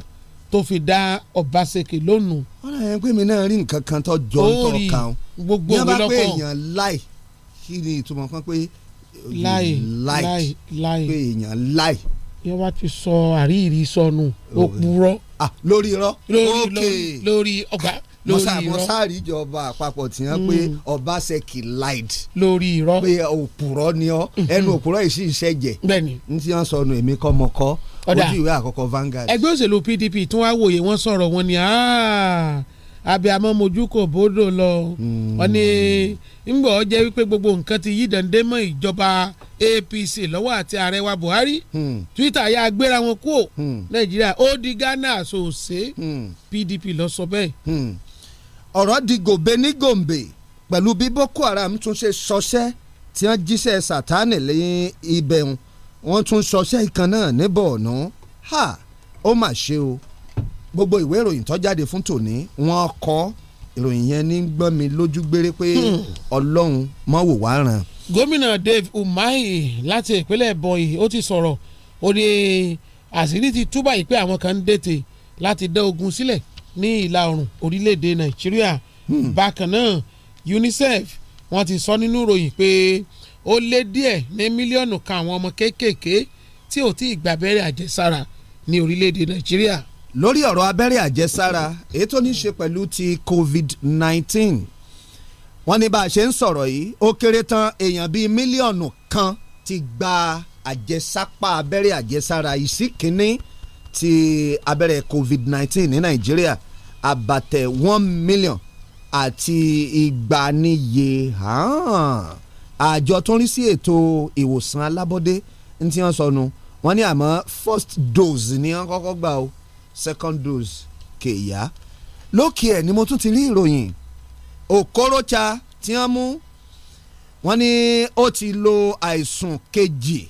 [SPEAKER 18] tó fi dá Obaseki lónìí. wọ́n
[SPEAKER 20] náà yẹn pé mi náà rí nǹkan kan
[SPEAKER 18] tó jọ ń tọ́ kan o gbogbo òwe bá pé èèyàn
[SPEAKER 20] láì kí ni ìtumọ̀ kan pé láì
[SPEAKER 18] láì láì pé èèyàn láì. yẹn bá ti sọ àríyìí
[SPEAKER 20] sọnù ó purọ́. Ah, lórí irọ́ lórí ọgbà lórí irọ́ mọ́sáàrí ìjọba àpapọ̀ tí wọ́n pé Ọbaṣẹ́kì mm. lied lórí irọ́ pé òpùrọ́ ni ọ́ mm-hmm. ẹnu òpùrọ́ yìí sì ń ṣẹ̀jẹ̀ bẹ́ẹ̀ni ní tí wọ́n sọnù èmi kọ́ mọ́ kọ́ ojú ìwé àkọ́kọ́
[SPEAKER 15] Vanguard.
[SPEAKER 18] ẹgbẹ́ òṣèlú PDP tí wọ́n á wòye wọ́n sọ̀rọ̀ wọn ni ah, abiyamọ mojú kò bódò lọ ọ ni ngbọ jẹ́ wípé gbogbo nǹkan ti yí dande mọ́ ìjọba APC lọ́wọ́ àti ààrẹ wa Buhari hmm. Twitter ya gbéra wọn kúò hmm.
[SPEAKER 20] Nàìjíríà ó di Ghana àsòsè PDP hmm. lọ sọ bẹ́ẹ̀ ọ̀rọ̀ di gòbe ní gòǹbè pẹ̀lú bí Boko Haram tún ṣe ṣọṣẹ́ tí wọ́n jíṣẹ́ Sátánì lẹ́yìn ibẹ̀ wọ́n tún ṣọṣẹ́ ìkan náà ní Borno ha ó mà ṣe o gbogbo ìwé ìròyìn tó jáde fún tòní wọ́n kọ ìròyìn yẹn ní gbọ́n mi lójú gbére pé hmm. Ọlọ́run mọ́ wò wá ràn.
[SPEAKER 18] Gómìnà Dave Umahi láti ìpínlẹ̀ Ebonyi ó ti sọ̀rọ̀ ó ní àṣírí ti túbà yìí pé àwọn kan ń dètè láti dá ogun sílẹ̀ ní ìlà oòrùn orílẹ̀-èdè nàìjíríà hmm. bákan náà unicef wọ́n ti sọ nínú ìròyìn pé ó lé díẹ̀ ní mílíọ̀nù kan àwọn ọmọ kéékèèké tí ò tí ì gbàbẹ́rẹ́ àjẹsára ní orílẹ̀-èdè
[SPEAKER 20] nàìjíríà. lórí ọ̀rọ̀ abẹ́rẹ́ àjẹsára èyí tó ní í ṣe pẹ̀lú ti covid-19 wọ́n ní bá a ṣe ń sọ̀rọ̀ yìí ó kéré tán èèyàn bíi mílíọ̀nù kan ti gba àjẹsápá abẹ́rẹ́ àjẹsára ìsìnkínní si ti abẹ́rẹ́ COVID-19 ní Nàìjíríà àbàtẹ̀ one million àti ìgbaniye àjọ tó ń rí sí ètò ìwòsàn alábọ́dé ní tí wọ́n sọnù wọ́n ní àmọ́ first dose ni wọ́n kọ́kọ́ gbà o second dose kèèyà lókè ẹ̀ ni mo tún ti rí ìròyìn Okorocha tí wọ́n mú wọ́n ní ó ti lo àìsùn kejì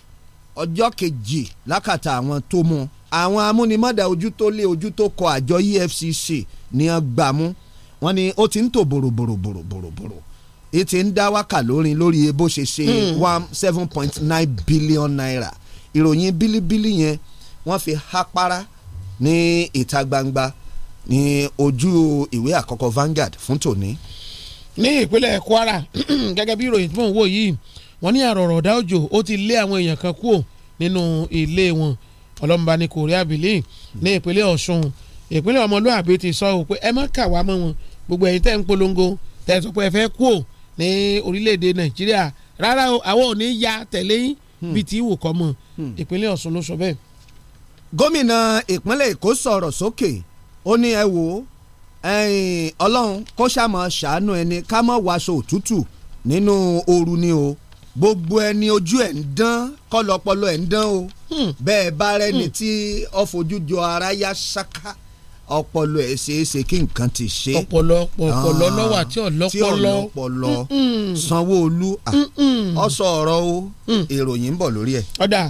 [SPEAKER 20] ọjọ́ kejì lákàtà àwọn tó mú un àwọn amúnimọ́dà ojú tó lé ojú tó kọ àjọ EFCC ni wọ́n gbà mú wọ́n ní ó ti ń tò bòròbòròbòròbòrò ètè ń dá wákà lórin lórí bó ṣe ṣe hmm. one seven point nine billion naira ìròyìn bílíbílí yẹn wọ́n fi hápárá ní ìta gbangba ní ojú ìwé àkọ́kọ́ Vanguard fún tòní. ní ìpínlẹ̀ Kwara <clears throat> gẹ́gẹ́ bí ìròyìn tí mò ń wò yìí wọ́n ní àròrò ọ̀dá
[SPEAKER 18] òjò ó ti lé àwọn èèyàn kan kúò nínú ilé wọn. No, ọlọ́mọba ní kòrí àbílẹ̀ ní ìpínlẹ̀ ọ̀ṣun ìpínlẹ̀ ọmọlúàbí ti sọ pé ẹ má kà wá mọ́ wọn gbogbo ẹ̀yin tẹ́ ń polongo tẹ́ sọ pé ẹ fẹ́ kú ò ní orílẹ̀-èdè nàìjíríà rárá o àwọn ò ní ya
[SPEAKER 20] tẹ̀lé yín bíi ti wò kọ́ mọ́ ìpínlẹ̀ ọ̀ṣun ló sọ bẹ́ẹ̀. gómìnà ìpínlẹ̀ èkó sọ̀rọ̀ sókè ó ní ẹ wò ọlọ́run kó ṣàmọ̀ ṣàánú ẹni ká mọ̀ wàṣọ òtútù nínú ooru ni o gbogbo ẹni ojú ẹ̀ ń dán kọ́lọ́pọ́lọ́ ẹ̀ ń dán o Hmm. bẹ́ẹ̀ bá rẹni hmm. tí ọ̀fojújọ ara yá ṣáká ọpọlọ ẹ ṣeéṣe kí nǹkan ti ṣe. ọpọlọ ọpọlọ lọwọ àti ọlọpọlọ ọpọlọ hmm, sanwóolu ọsọ ọ̀rọ̀ o ìròyìn ń bọ̀ lórí ẹ̀.
[SPEAKER 18] ọ̀dà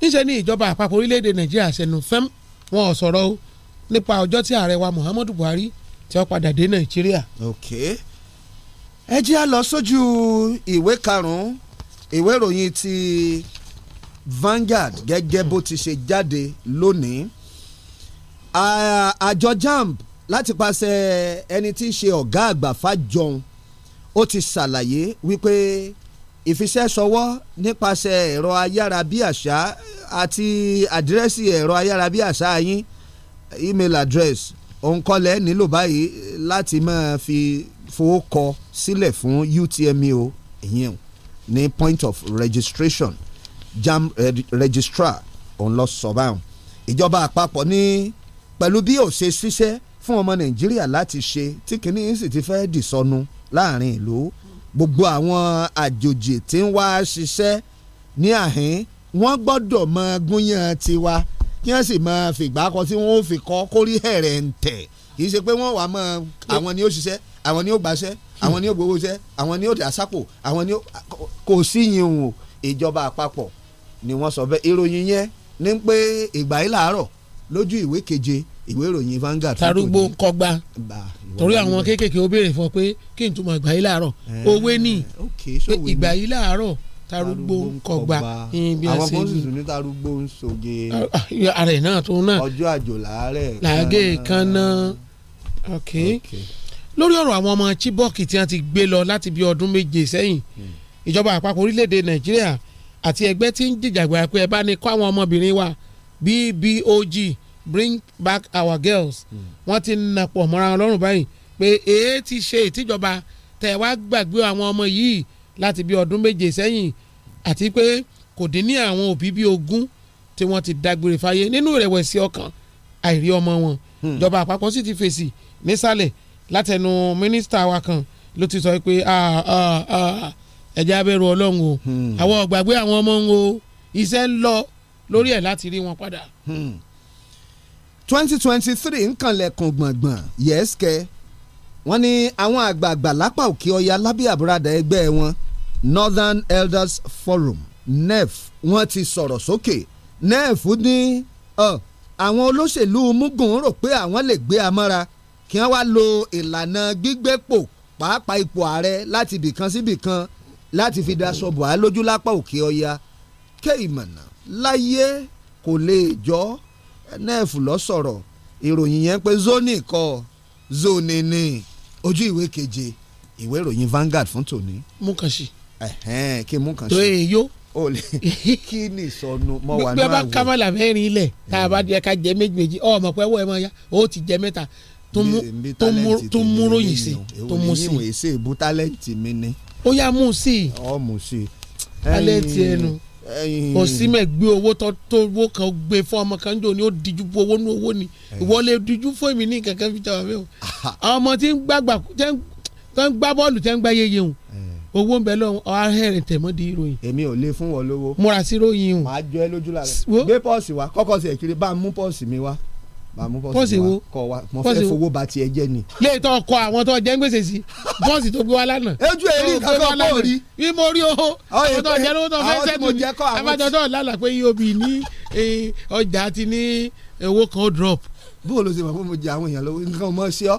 [SPEAKER 18] níṣẹ́ ni ìjọba àpapọ̀ orílẹ̀-èdè nàìjíríà ṣẹ̀nù fẹ́m wọn ò sọ̀rọ̀ o nípa ọjọ́ tí ààrẹ wa muhammadu buhari tí ó padà dé nàìjíríà.
[SPEAKER 20] ok ẹ jẹ́ a lọ sójú ìwé karùn-ún ìwé ìròyìn ti. Vanguard gẹ́gẹ́ bó ti ṣe jáde lónìí àjọ JAMB láti paṣẹ ẹni tí í ṣe ọ̀gá àgbà fájọun ó ti ṣàlàyé wípé ìfiṣẹ́sọwọ́ nípasẹ̀ ẹ̀rọ ayárabíàṣá àti àdírẹ́sì ẹ̀rọ ayárabíàṣá yín email address òǹkọlẹ̀ nílò báyìí láti máa fi fowó kọ sílẹ̀ fún UTME o ìyẹn ní point of registration Jam eh, registrar òun lọ sọ báwọn ìjọba àpapọ̀ ní pẹ̀lú bí ó ṣe ṣiṣẹ́ fún ọmọ Nàìjíríà láti ṣe tí kìíní sì ti fẹ́ dì sọnù láàrin ìlú gbogbo àwọn àjòjì tí ń wá ṣiṣẹ́ ní àhín wọ́n gbọ́dọ̀ mọ gúnyàn tiwa kí wọ́n sì máa fìgbà kọ tí wọ́n ó fi kọ́ kórí hẹ̀rẹ̀ ń tẹ̀ kì í ṣe pé wọ́n wà á mọ àwọn ni ó ṣiṣẹ́ àwọn ni ó gbàṣẹ́ àwọn ni ó gbowó ṣẹ́ àwọn ni ó dà sápò àwọn ni ó kò sí ìjọba àpapọ̀ ni wọ́n sọ bẹ́ẹ̀ ìròyìn yẹn ní pé ìgbà yìí làárọ̀ lójú ìwé keje ìwé ìròyìn Vanguard. tarugbo kọgbà torí àwọn
[SPEAKER 18] kéékèèké ó béèrè fún ọ pé kí n túmọ̀ ìgbà yìí làárọ̀ eh, òwe ni pé ìgbà yìí làárọ̀ tarugbo kọgbà ibi ẹsẹ àwọn mọ́sùsù
[SPEAKER 20] ní tarugbo ń soge. Ah, ah,
[SPEAKER 18] ààrẹ náà tó náà
[SPEAKER 20] ọjọ́ àjò làárẹ̀. làágé kan
[SPEAKER 18] náà ok lórí ọ̀rọ̀ àwọn ọmọ Chibok tí wọ́n ti gbé lọ láti bí ọdún méje sẹ́yìn hmm. ìjọba àpapọ̀ orílẹ̀-èdè Nàìjíríà àti ẹgbẹ́ tí ń jìjàgbara pé ẹ bá ní kọ́ àwọn ọmọbìnrin wa BBOG bring back our girls wọ́n ti nà pọ̀ mọ́ra wọn lọ́rùn báyìí pé èé ti ṣe ìtìjọba tẹ̀ wá gbàgbé àwọn ọmọ yìí láti bí ọdún méje sẹ́yìn àti pé kò dín ní àwọn òbí bíi ogún tí wọ́n ti dágbére fáyé nínú ìrẹ̀wẹ̀sì ọkàn àìrí ọmọ wọn hmm. ìjọba àpapọ̀ sì ti fèsì nísàlẹ̀ látẹnu mínísítà wa kan ló ti sọ pé ah ah ah, ah ẹ̀jẹ̀ abẹ́rù ọlọ́run o hmm. àwọn ọ̀gbàgbé àwọn ọmọ ń o iṣẹ́ ń lọ lórí ẹ̀ láti rí wọn padà. Hmm.
[SPEAKER 20] twenty twenty three nkanlẹ̀kùn gbọ̀ngbọ̀n yẹ́sìkẹ́ wọ́n ní àwọn àgbààgbà lápá òkè ọya lábẹ́ àbúradà ẹgbẹ́ wọn Northern Elders Forum NEF wọ́n ti sọ̀rọ̀ sókè NEF ní àwọn olóṣèlú mugun rò pé àwọn lè gbé amára kí wọ́n wá lo ìlànà gbígbépò pàápàá ipò ààrẹ láti bìkan sí bìkan láti fi daṣọ bò á lójú lápá òkè ọya kéèmọ̀nà láyé kò lè jọ nẹ́ẹ̀fù lọ sọ̀rọ̀ ìròyìn yẹn pé zoni kọ zoni ni ojú ìwé keje ìwé ìròyìn Vanguard fún tòní. mú kàn sí. ẹhẹn kí mú kàn sí. tó
[SPEAKER 18] èyó o
[SPEAKER 20] lè <laughs> kí ni ìsọnù mọ wà náà wò. bí a bá
[SPEAKER 18] kámàlà mẹ́rin ilẹ̀ tá a bá jẹ́ ká jẹ méjì ọ mọ̀ pé ẹwọ́ ẹ mọ̀ ya ó ti jẹ mẹ́ta
[SPEAKER 20] tó mú ròyìn sí tó mú sí. èwo ni ìwé ṣe tálẹ́ǹtì mi ni ó yá mú sí i. ọ mú sí i. alẹ́ ti ẹnu kò sí
[SPEAKER 18] mẹ́gbé owó tó owó kan gbé fún ọmọ kan jò ní ó díjú fún owó ní owó ni ìwọlé díjú fún èmi ní kankan fi tẹ̀wá mi o àwọn ọmọ tí ń gbàgbà tó ń gbá bọ́ọ̀lù tó ń gbá yeye o owó ń bẹ lọ́wọ́ ọ̀hárẹ̀rẹ̀ tẹ̀mọ́ di ìròyìn. èmi ò lè fún wọn lówó.
[SPEAKER 20] múra sí ìròyìn o. màá jọ ẹ lójú la rẹ gbé pọ́ọ̀sì wa kọ́kọ́ sí ẹ̀kiri bá a mú pọ́ọ̀sì mi wá màmú pọ́ọ̀sì wo kọ wa mo fowó ba tiẹ̀ jẹ́ ni.
[SPEAKER 18] lè tọ́ kọ àwọn tó jẹ́ ń gbèsè sí pọ́ọ̀sì tó gbé wa lánàá. ejú èrí kankan kò rí. bí mo rí o àwọn tó jẹ́ lówó tó fẹ́ sẹ́tù mi abájọ tó lálà pé eob ní e, ọjà ti ní owó kan drop. bó ló ṣe mọ̀ pé mo jẹ àwọn èèyàn lówó nǹkan mọ̀ sí ọ́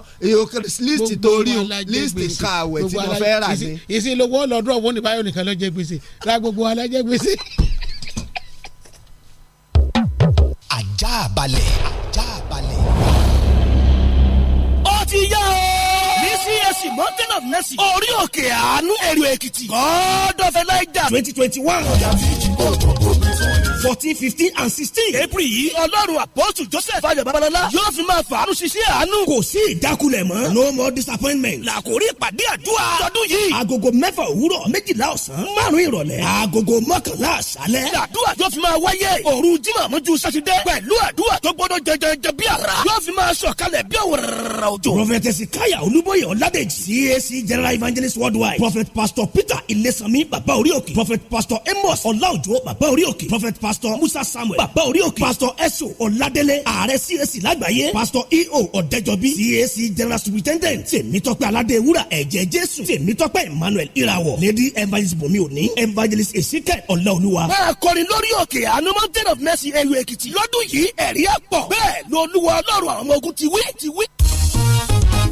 [SPEAKER 18] líìsì tó rí o líìsì kàwé tí mo fẹ́ rà ni. ìsìn lówó lọ́dún ọ̀wọ́ ní báyọ̀ nìkan ló jẹ gbèsè ra gbogbo alájẹ gbèsè. ajá balẹ̀
[SPEAKER 14] ajá ti yá o. ní csc e, mountain of mercy orí òkè àánú èrò èkìtì. God of Elijah twenty twenty one. ọjà bíi jíkọ̀ tó kó bẹ́sẹ̀ fourteen fifteen and sixteen. april yìí ọlọ́run àpọ́sù joseph ayọ̀ babalọ́lá yóò fi máa fàánú ṣiṣẹ́ àánú. kò sí ìdákulẹ̀ mọ́. no more disappointment. làkòrí ìpàdé àdúrà tọdún yìí. agogo mẹ́fà òwúrọ̀ méjìlá ọ̀sán márùn-ún ìrọ̀lẹ́. agogo mọ́kànlá àṣálẹ́. làdúrà yóò fi máa wáyé. òru jímọ̀ mọ́jú sátidé. pẹ̀lú àdúrà tó gbọ́dọ̀ jẹjẹrẹ bí ara. yóò fi máa sọ̀kalẹ̀ bí òwúrọ̀ òjò. prọfẹtẹsì káyà olúbọyé ọládèjì cac general evangelist worldwide. prophet pastor peter ilesami baba orí òkè. prophet pastor amos ọláòjò baba orí òkè. prophet pastor pastor musa samuel bàbá orí òkè pastor eso ọládélé ààrẹ cac lágbàáyé pastor eo ọ̀dẹ́jọbí cac general superintendent tèmítọ́pẹ́ aládéwúrà ẹ̀jẹ̀ jésù tèmítọ́pẹ́ emmanuel ìràwọ̀ lady evangelist bomi òní evangelist ezekiel ọláolúwa. máa kọrin lórí òkè àánú mountain of mercy ẹ̀yọ̀ èkìtì lọ́dún yìí ẹ̀rí ẹ̀ pọ̀ bẹ́ẹ̀ lọ́lúwa ọlọ́run àwọn ọmọ ogun ti wí ti
[SPEAKER 7] wí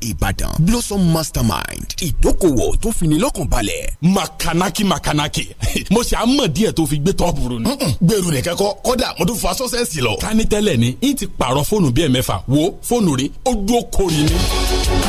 [SPEAKER 7] ìbàdàn blossom mastermind ìdókòwò tó fini lọ́kàn balẹ̀.
[SPEAKER 16] makanaki makanaki
[SPEAKER 7] <laughs> mo ṣe àmọ̀ díẹ̀ tó fi gbé tọ́pù rù ni. gbèrú nìkan kọ́ kọ́dà mo tún fa sọ́sẹ́sì lọ. ká ní tẹ́lẹ̀ ni n ti pààrọ̀ fóònù bíi ẹ̀mẹ́fà wo fóònù rí ojú ó kórìí ni.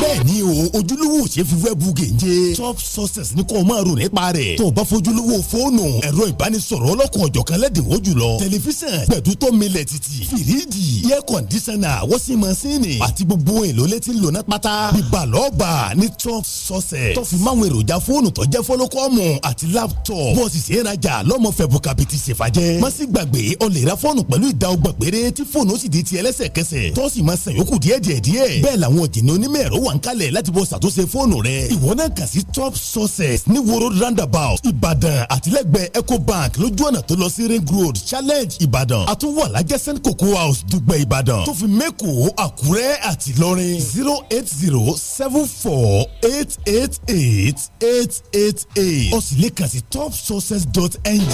[SPEAKER 7] bẹ́ẹ̀ni o ojúlówó ṣe fi wẹ́ẹ̀bù gèje top success ni kò máa rò nípa rẹ̀ tó o bá fojúlówó fóònù ẹ̀rọ ìbánisọ̀rọ̀
[SPEAKER 12] ọlọ́kùn ọ̀jọ̀kan lẹ́dínwó jùlọ tẹlifíṣàn gbẹ̀dútọ́ milẹ̀ títì fìrídìí air conditioner wọ́sí masínì àti gbogbo èlò létí lónà pátá dáadáa. ìgbàlọ́gbà ní top success. tó fi máwọn èròjà fóònù tó jẹ́ fọ́lọ́kọ́mù àti laptop. bọ́ọ̀sì sì ń rajà lọ́mọ fẹ́ bukabiti ṣèfàjẹ́. má sì gbàgbé ọ lè ra fóònù pẹ̀lú ìdá ọgbọ̀n péré tí fóònù ó sì di tiẹ̀ lẹ́sẹ̀kẹsẹ̀. tó sì máa san yòókù díẹ̀díẹ̀ díẹ̀. bẹ́ẹ̀ làwọn òjìnà onímọ̀ ẹ̀rọ wà ń kalẹ̀ láti bọ́ ṣàtúnṣe fóònù rẹ. ìwọ náà kàn sí top success ní woro roundabout ìbàdàn àtìlẹ́gbẹ̀ẹ́ ecobank lójú ọ̀nà tó lọ sí ring road challenge ìbàdàn àtúwọ̀ alájẹsẹ́ cocoa house dùgbẹ̀ ìbàdàn tó fi mẹ́kọ̀ọ́ àkúrẹ́ àti lọ́rin zero eight zero zero seven four eight eight eight eight eight eight o sì lè kàn sí topsources.ng.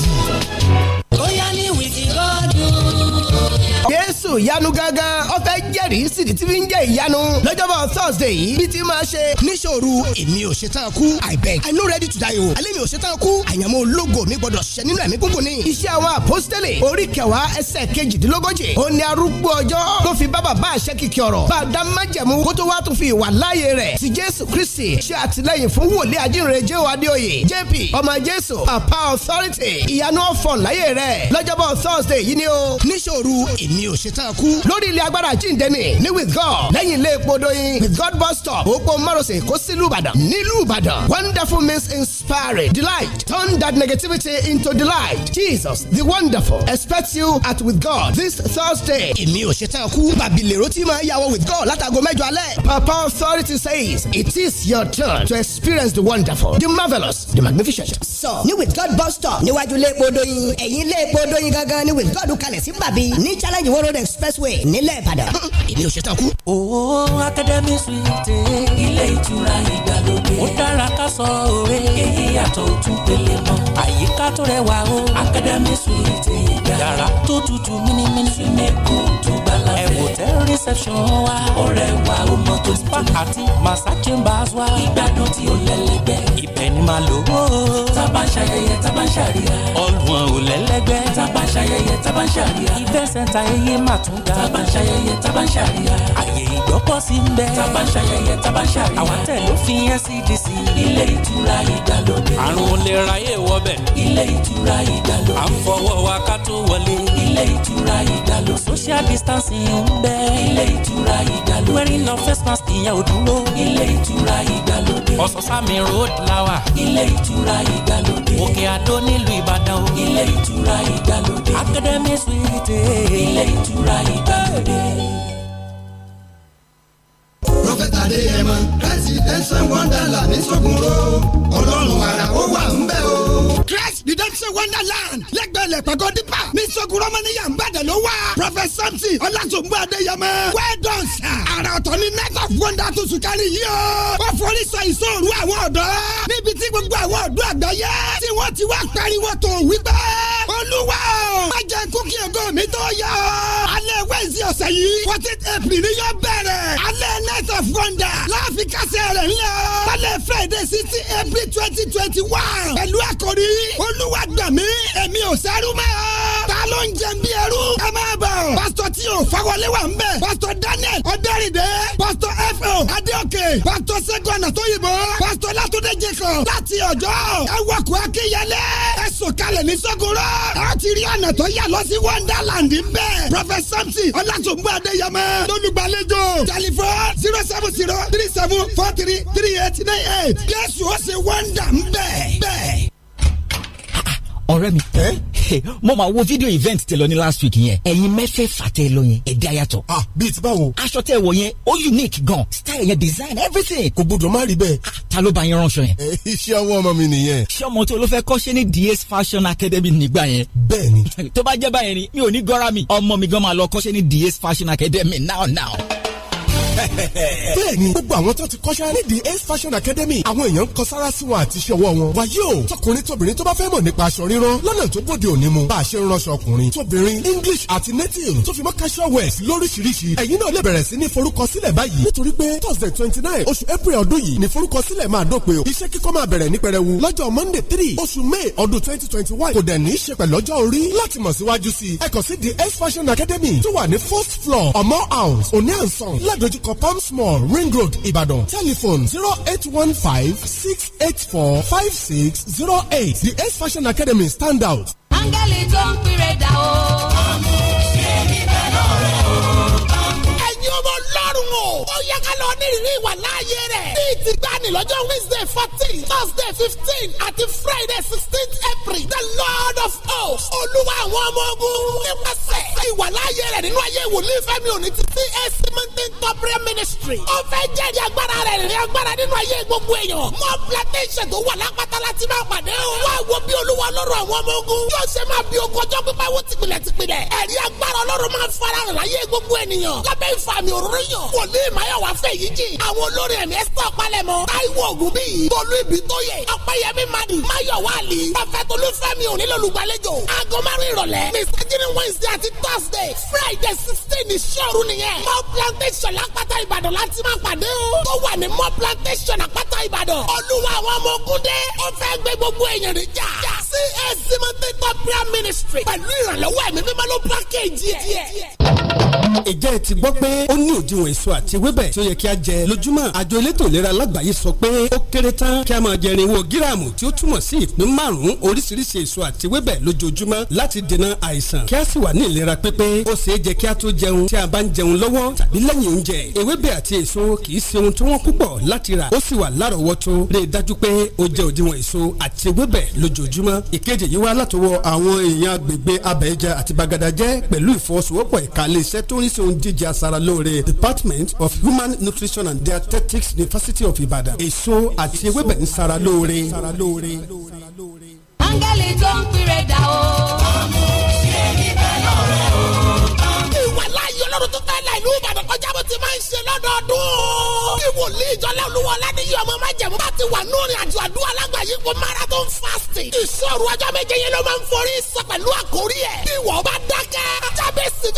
[SPEAKER 13] bóyá ní wìkì gọ́dún.
[SPEAKER 7] Jésù yanu gangan ó
[SPEAKER 19] fẹ́ jẹ́rìí sídi tí fi ń jẹ́ ìyanu lọ́jọ́bọ̀ Thursday yìí bí ti máa ṣe níṣòro èmi ò ṣe tán kú I beg I no ready to die o alẹ́ mi ò ṣe tán kú àyànmọ́ ológo mi gbọ́dọ̀ ṣẹ nínú ẹ̀mí gúngùn ni iṣẹ́ àwọn àpọ́sítẹ́lẹ̀ orí kẹwàá ẹsẹ̀ kejìdínlógójì ó ní arúgbó ọjọ́ tó fi bá bàbá àṣẹ kìkì ọ̀rọ̀ bá a dá májẹ̀mú kó tó wá tó fi ìwà láàyè rẹ̀ ti Jésù Kristi ṣe àtìlẹ́yìn fún wòlíì ajínrere J.O. Adéoyè JP ọmọ Jésù papa authority ìyanu ọ̀fọ̀n láyè rẹ̀ lọ́jọ́bọ̀ Thursday yìí ni ó níṣòro èmi mi ò ṣe tán kú. lórí ilé agbára jíǹde ni ní with God lẹ́yìn ilé epo doyin with God bus stop òpó márosẹ̀ kó sílùú ìbàdàn nílùú ìbàdàn wonderful means inspiring delight turn that negativity into delight Jesus the wonderful expect you at with God this Thursday. èmi ò ṣe tán kú bàbí lèrò tí máa yàwọ̀ with God látàgọ́ mẹ́jọ alẹ́. Papa authority says it is your turn to experience the wonderful the marvellous the magnificent. sọ ní with God bus stop níwájú ilé epo doyin ẹ̀yìn ilé epo doyin gangan ní with God kalẹ̀ sí bàbí ní challenge behind Iwo Road expressway nílẹ̀ Ìbàdàn.
[SPEAKER 13] èmi ò ṣetán kú. owó Academy Suite ilé ìtura ìgbàlódé ó dára ká sọ òwe èyí yàtọ̀ òtún pélé mọ́ àyíká tó rẹwà o Academy Suite yàrá tó tutù mímímí. sinéku tó gbàlà fẹ́. hotel reception wa. ọ̀rẹ́ wa ó mọ tó ti tó. spa àti massage chambers wa. ìgbádùn tí ó lẹ́lẹ́gbẹ́. ibẹ̀ ni màá lò ó. tábà ń ṣayẹyẹ tábà ń ṣàríyá. ọlùwọ̀n ò lẹ́lẹ́gbẹ́. tábà ń ṣayẹyẹ tábà ń ṣàríyá. event center eye máa tún ga. tábà ń ṣayẹyẹ tábà ń ṣàríyá. àyè ìgbọ́kọ̀ sí ń bẹ. tábà ń ṣayẹyẹ tábà ń ṣàríyá. àwọn tẹ̀ ló fi NCDC. ilé ìtura ìdàlódé. àrùn olè ráyè wọbẹ̀. ilé ìtura ìdàlódé. à ń fọwọ́ wa ká tó w wọlé. ilé ìtura ìdàlú. social distancing ń bẹ. ilé ìtura ìdàlú. wearing of face mask ìyẹn ò dúró. ilé ìtura ìdàlódé. ọ̀sán-sámi road lawa. ilé ìtura ìdàlódé. òkè àdó nílùú ìbàdàn o. ilé ìtura ìdàlódé. academy suite. ilé ìtura ìdàlódé. prọfẹ̀tà dé ẹ̀mọ́ rẹ́sì tẹ́sán wọ́ndà là ní
[SPEAKER 17] sọ́gun ro ọlọ́run àrà ó wà ń bẹ̀ o Christ redemption wonderland lẹ́gbẹ̀lẹ̀ pẹ̀kọ́ dípà ní sọ́gun rọ́mọ́níyà ń bàdàn ló wà prophet samson ọlásùnmú adéyẹmọ well done sir àrà ọ̀tọ̀ ni night of wonder tó sùn kárí yìí o ó forí sọ ìṣòro àwọn ọ̀dọ́ níbi tí gbogbo àwọn ọ̀dọ́ àgbáyé tí wọ́n ti wá pariwo tó wípé olúwa má jẹ́ kúkì ògo mi tó yá alẹ́ wẹ́ẹ̀sì ọ̀sẹ̀ yìí fourteen april ni yóò bẹ̀rẹ̀ alẹ́ night of wonder láàfin kásẹ̀ rẹ̀ ńlẹ̀ alẹ́ friday sixteen april twenty twenty one pẹ̀lú àkòrí olúwa gbà mí èmi ò sẹ́rú mọ́ ta ló ń jẹ bí ẹrú ẹ máa bọ̀ pásítọ̀ tí o fagolé wà ń bẹ̀ pásítọ̀ daniel ọ̀dẹ́rìndé pásítọ̀ fo adéòkè pásítọ̀ sẹ́gun ànàtóyìnbó pásítọ̀ látúndé jacob láti ọjọ́ ẹ wọkùn akínyẹlẹ ẹ sọ̀kalẹ̀ ní sọ́kúrọ́. a ti rí ọ̀nà tó yà lọ sí wonderland bẹ́ẹ̀. prophet samson ọlátúngbò adéyẹmọ lólùgbàlejò tẹlifon zero seven zero three seven four three three eight nine eight. jésù ó ṣe wonder ń bẹ́ẹ̀ bẹ́ẹ̀
[SPEAKER 7] ọ̀rẹ́ mi mo máa wo video event tẹ lọ ní last week yẹn ẹ̀yin mẹ́fẹ̀ẹ̀fà tẹ lọ yẹn ẹ̀dá yàtọ̀. ah bíi ti báwo. aṣọ tẹ wọ yẹn ó unique gan style yẹn design everything. kò gbọdọ̀ má rí bẹ́ẹ̀. Ah, ta ló bá yẹn ránṣọ yẹn. iṣẹ́ ọwọ́ ọmọ mi nìyẹn. iṣẹ́ ọmọ ló fẹ́ kọ́ṣẹ́ ní DS Fashion Academy nígbà yẹn. bẹ́ẹ̀ni. <laughs> tó bá jẹ́ báyẹn ni mi ò ní gọ́ra mi ọmọ mi gan máa lọ kọ́ṣẹ́ ní DS Fashion Academy now now bẹ́ẹ̀ni gbogbo àwọn tó ti kọ́ṣẹ́ nídìí ace fashion academy àwọn èèyàn ń kọ sára sí wọn àti iṣẹ́ ọwọ́ wọn. wàyí o tọkùnrin tóbìnrin tó bá fẹ́ mọ̀ nípa aṣọ rírán lọ́nà tó bóde òní mu bá a ṣe ń ránṣọ ọkùnrin tóbìnrin english àti native tó fi mọ́ casual wears lóríṣiríṣi ẹ̀yin náà lè bẹ̀rẹ̀ sí ní forúkọsílẹ̀ báyìí nítorí pé thursday twenty nine oṣù april ọdún yìí ni forúkọsílẹ̀ máa dópin o iṣẹ́ kíkọ́ máa bẹ̀rẹ̀ ní pẹrẹwu monday three oṣù may ọdún twenty twenty one kò dẹ̀ ní í ṣe pẹ̀lọ́jọ́ orí láti i ẹ the ace fashion academy tó wà ní first floor ọmọ house òní àǹsán ládojúkọ palms mall ring road Ibadan telephone zero eight one five six eight four five six zero eight the Ace Fashion Academy stand out.
[SPEAKER 13] áńgẹ́lì tó ń pèrè dà o.
[SPEAKER 9] ẹ̀yin ọmọ ọlọ́run o yẹ onírìírí ìwà láàyè rẹ̀. ní ìtìgbani lọ́jọ́ wednesday fourteen thursday fifteen àti friday sixteen april the lord of hosts olúwa àwọn ọmọ ogun nípasẹ̀ ìwà láàyè rẹ̀ nínú ayé wòlíì fẹ́mi òní ti CAC mountain corporate ministry. ó fẹ́ jẹ́rìí agbára rẹ̀ rí agbára nínú ayé gbogbo èèyàn. mọ plantation tó wà lápáta láti máa pàdé o. wá wo bí olúwa lọ́rọ̀ àwọn ọmọ ogun. yóò ṣe máa bí ogun ọjọ́ pípa wo tìpìlẹ̀tìpìlẹ̀. ẹ̀rí agbára ọlọ́run máa fara láyé gbogbo ènìyàn. lábẹ́ ìfàmì òróró yàn. wòlíì máyọ̀ náà wá fẹ́ yìí jì. àwọn olórí ẹ̀mí ẹ̀sítọ́ palẹ̀mọ́. táíwò ògùn bíi tolú ibi tó yẹ. ọ̀pẹ́yẹmí madi máyọ̀ wálì. pàfẹ́tolúfẹ́mi òní lọ́lùgbàlejò. aago márùn-ún ìrọ̀lẹ́. mr jenny wednesday àti thursday friday sixteen ìṣòro nìyẹn. mọ plantation lápáta ìbàdàn láti máa pàdé o. tó wà ní mọ plantation àpáta ìbàdàn. olúwa àwọn ọmọ ogun ó fẹ́ gbé gbogbo èèyàn níjà. csc
[SPEAKER 7] mọ́tẹ́tọ̀ prayer rẹ̀ tí ó yẹ kí a jẹ lójúmọ́ àjọ elétò ìlera lágbàáyé sọ pé ó kéré tán kí a máa jẹ irinwó gíráàmù tí ó túmọ̀ sí ìpín márùn-ún oríṣiríṣi èso àti ewébẹ̀ lójoojúmọ́ láti dènà àìsàn kí a sì wà ní ìlera pípé ó ṣe é jẹ kí a tó jẹun tí a bá ń jẹun lọ́wọ́ tàbí lẹ́yìn oúnjẹ ewébẹ̀ àti èso kì í ṣe ohun tí wọ́n púpọ̀ láti rà ó sì wà lárọ̀ọ́wọ́tó rí i dájú pé ó jẹ òdiwọ̀n èso àti ewébẹ̀ lójoojúmọ́ ìkéde yìí wá látọwọ́ àwọn èèyàn agbègbè abẹ́ẹ̀jẹ àti bagada jẹ́ pẹ̀lú ìfọwọ́sowọ́pọ̀ ìkàlẹ̀ iṣẹ́ tó ń ṣe Human Nutrition and Dietetics University of Ibadan èso àti ewébẹ̀ ń sara lóore.
[SPEAKER 13] áńgẹ́lì tó ń pèrè dà o. ọmọ ṣe ibẹ̀ lọ́rẹ́ o.
[SPEAKER 9] ìṣòro ọjọ́ méje yẹn ló máa ń forí sọ pẹ̀lú àkórí ẹ̀. bí wọ́n bá dákẹ́. jábẹ́sì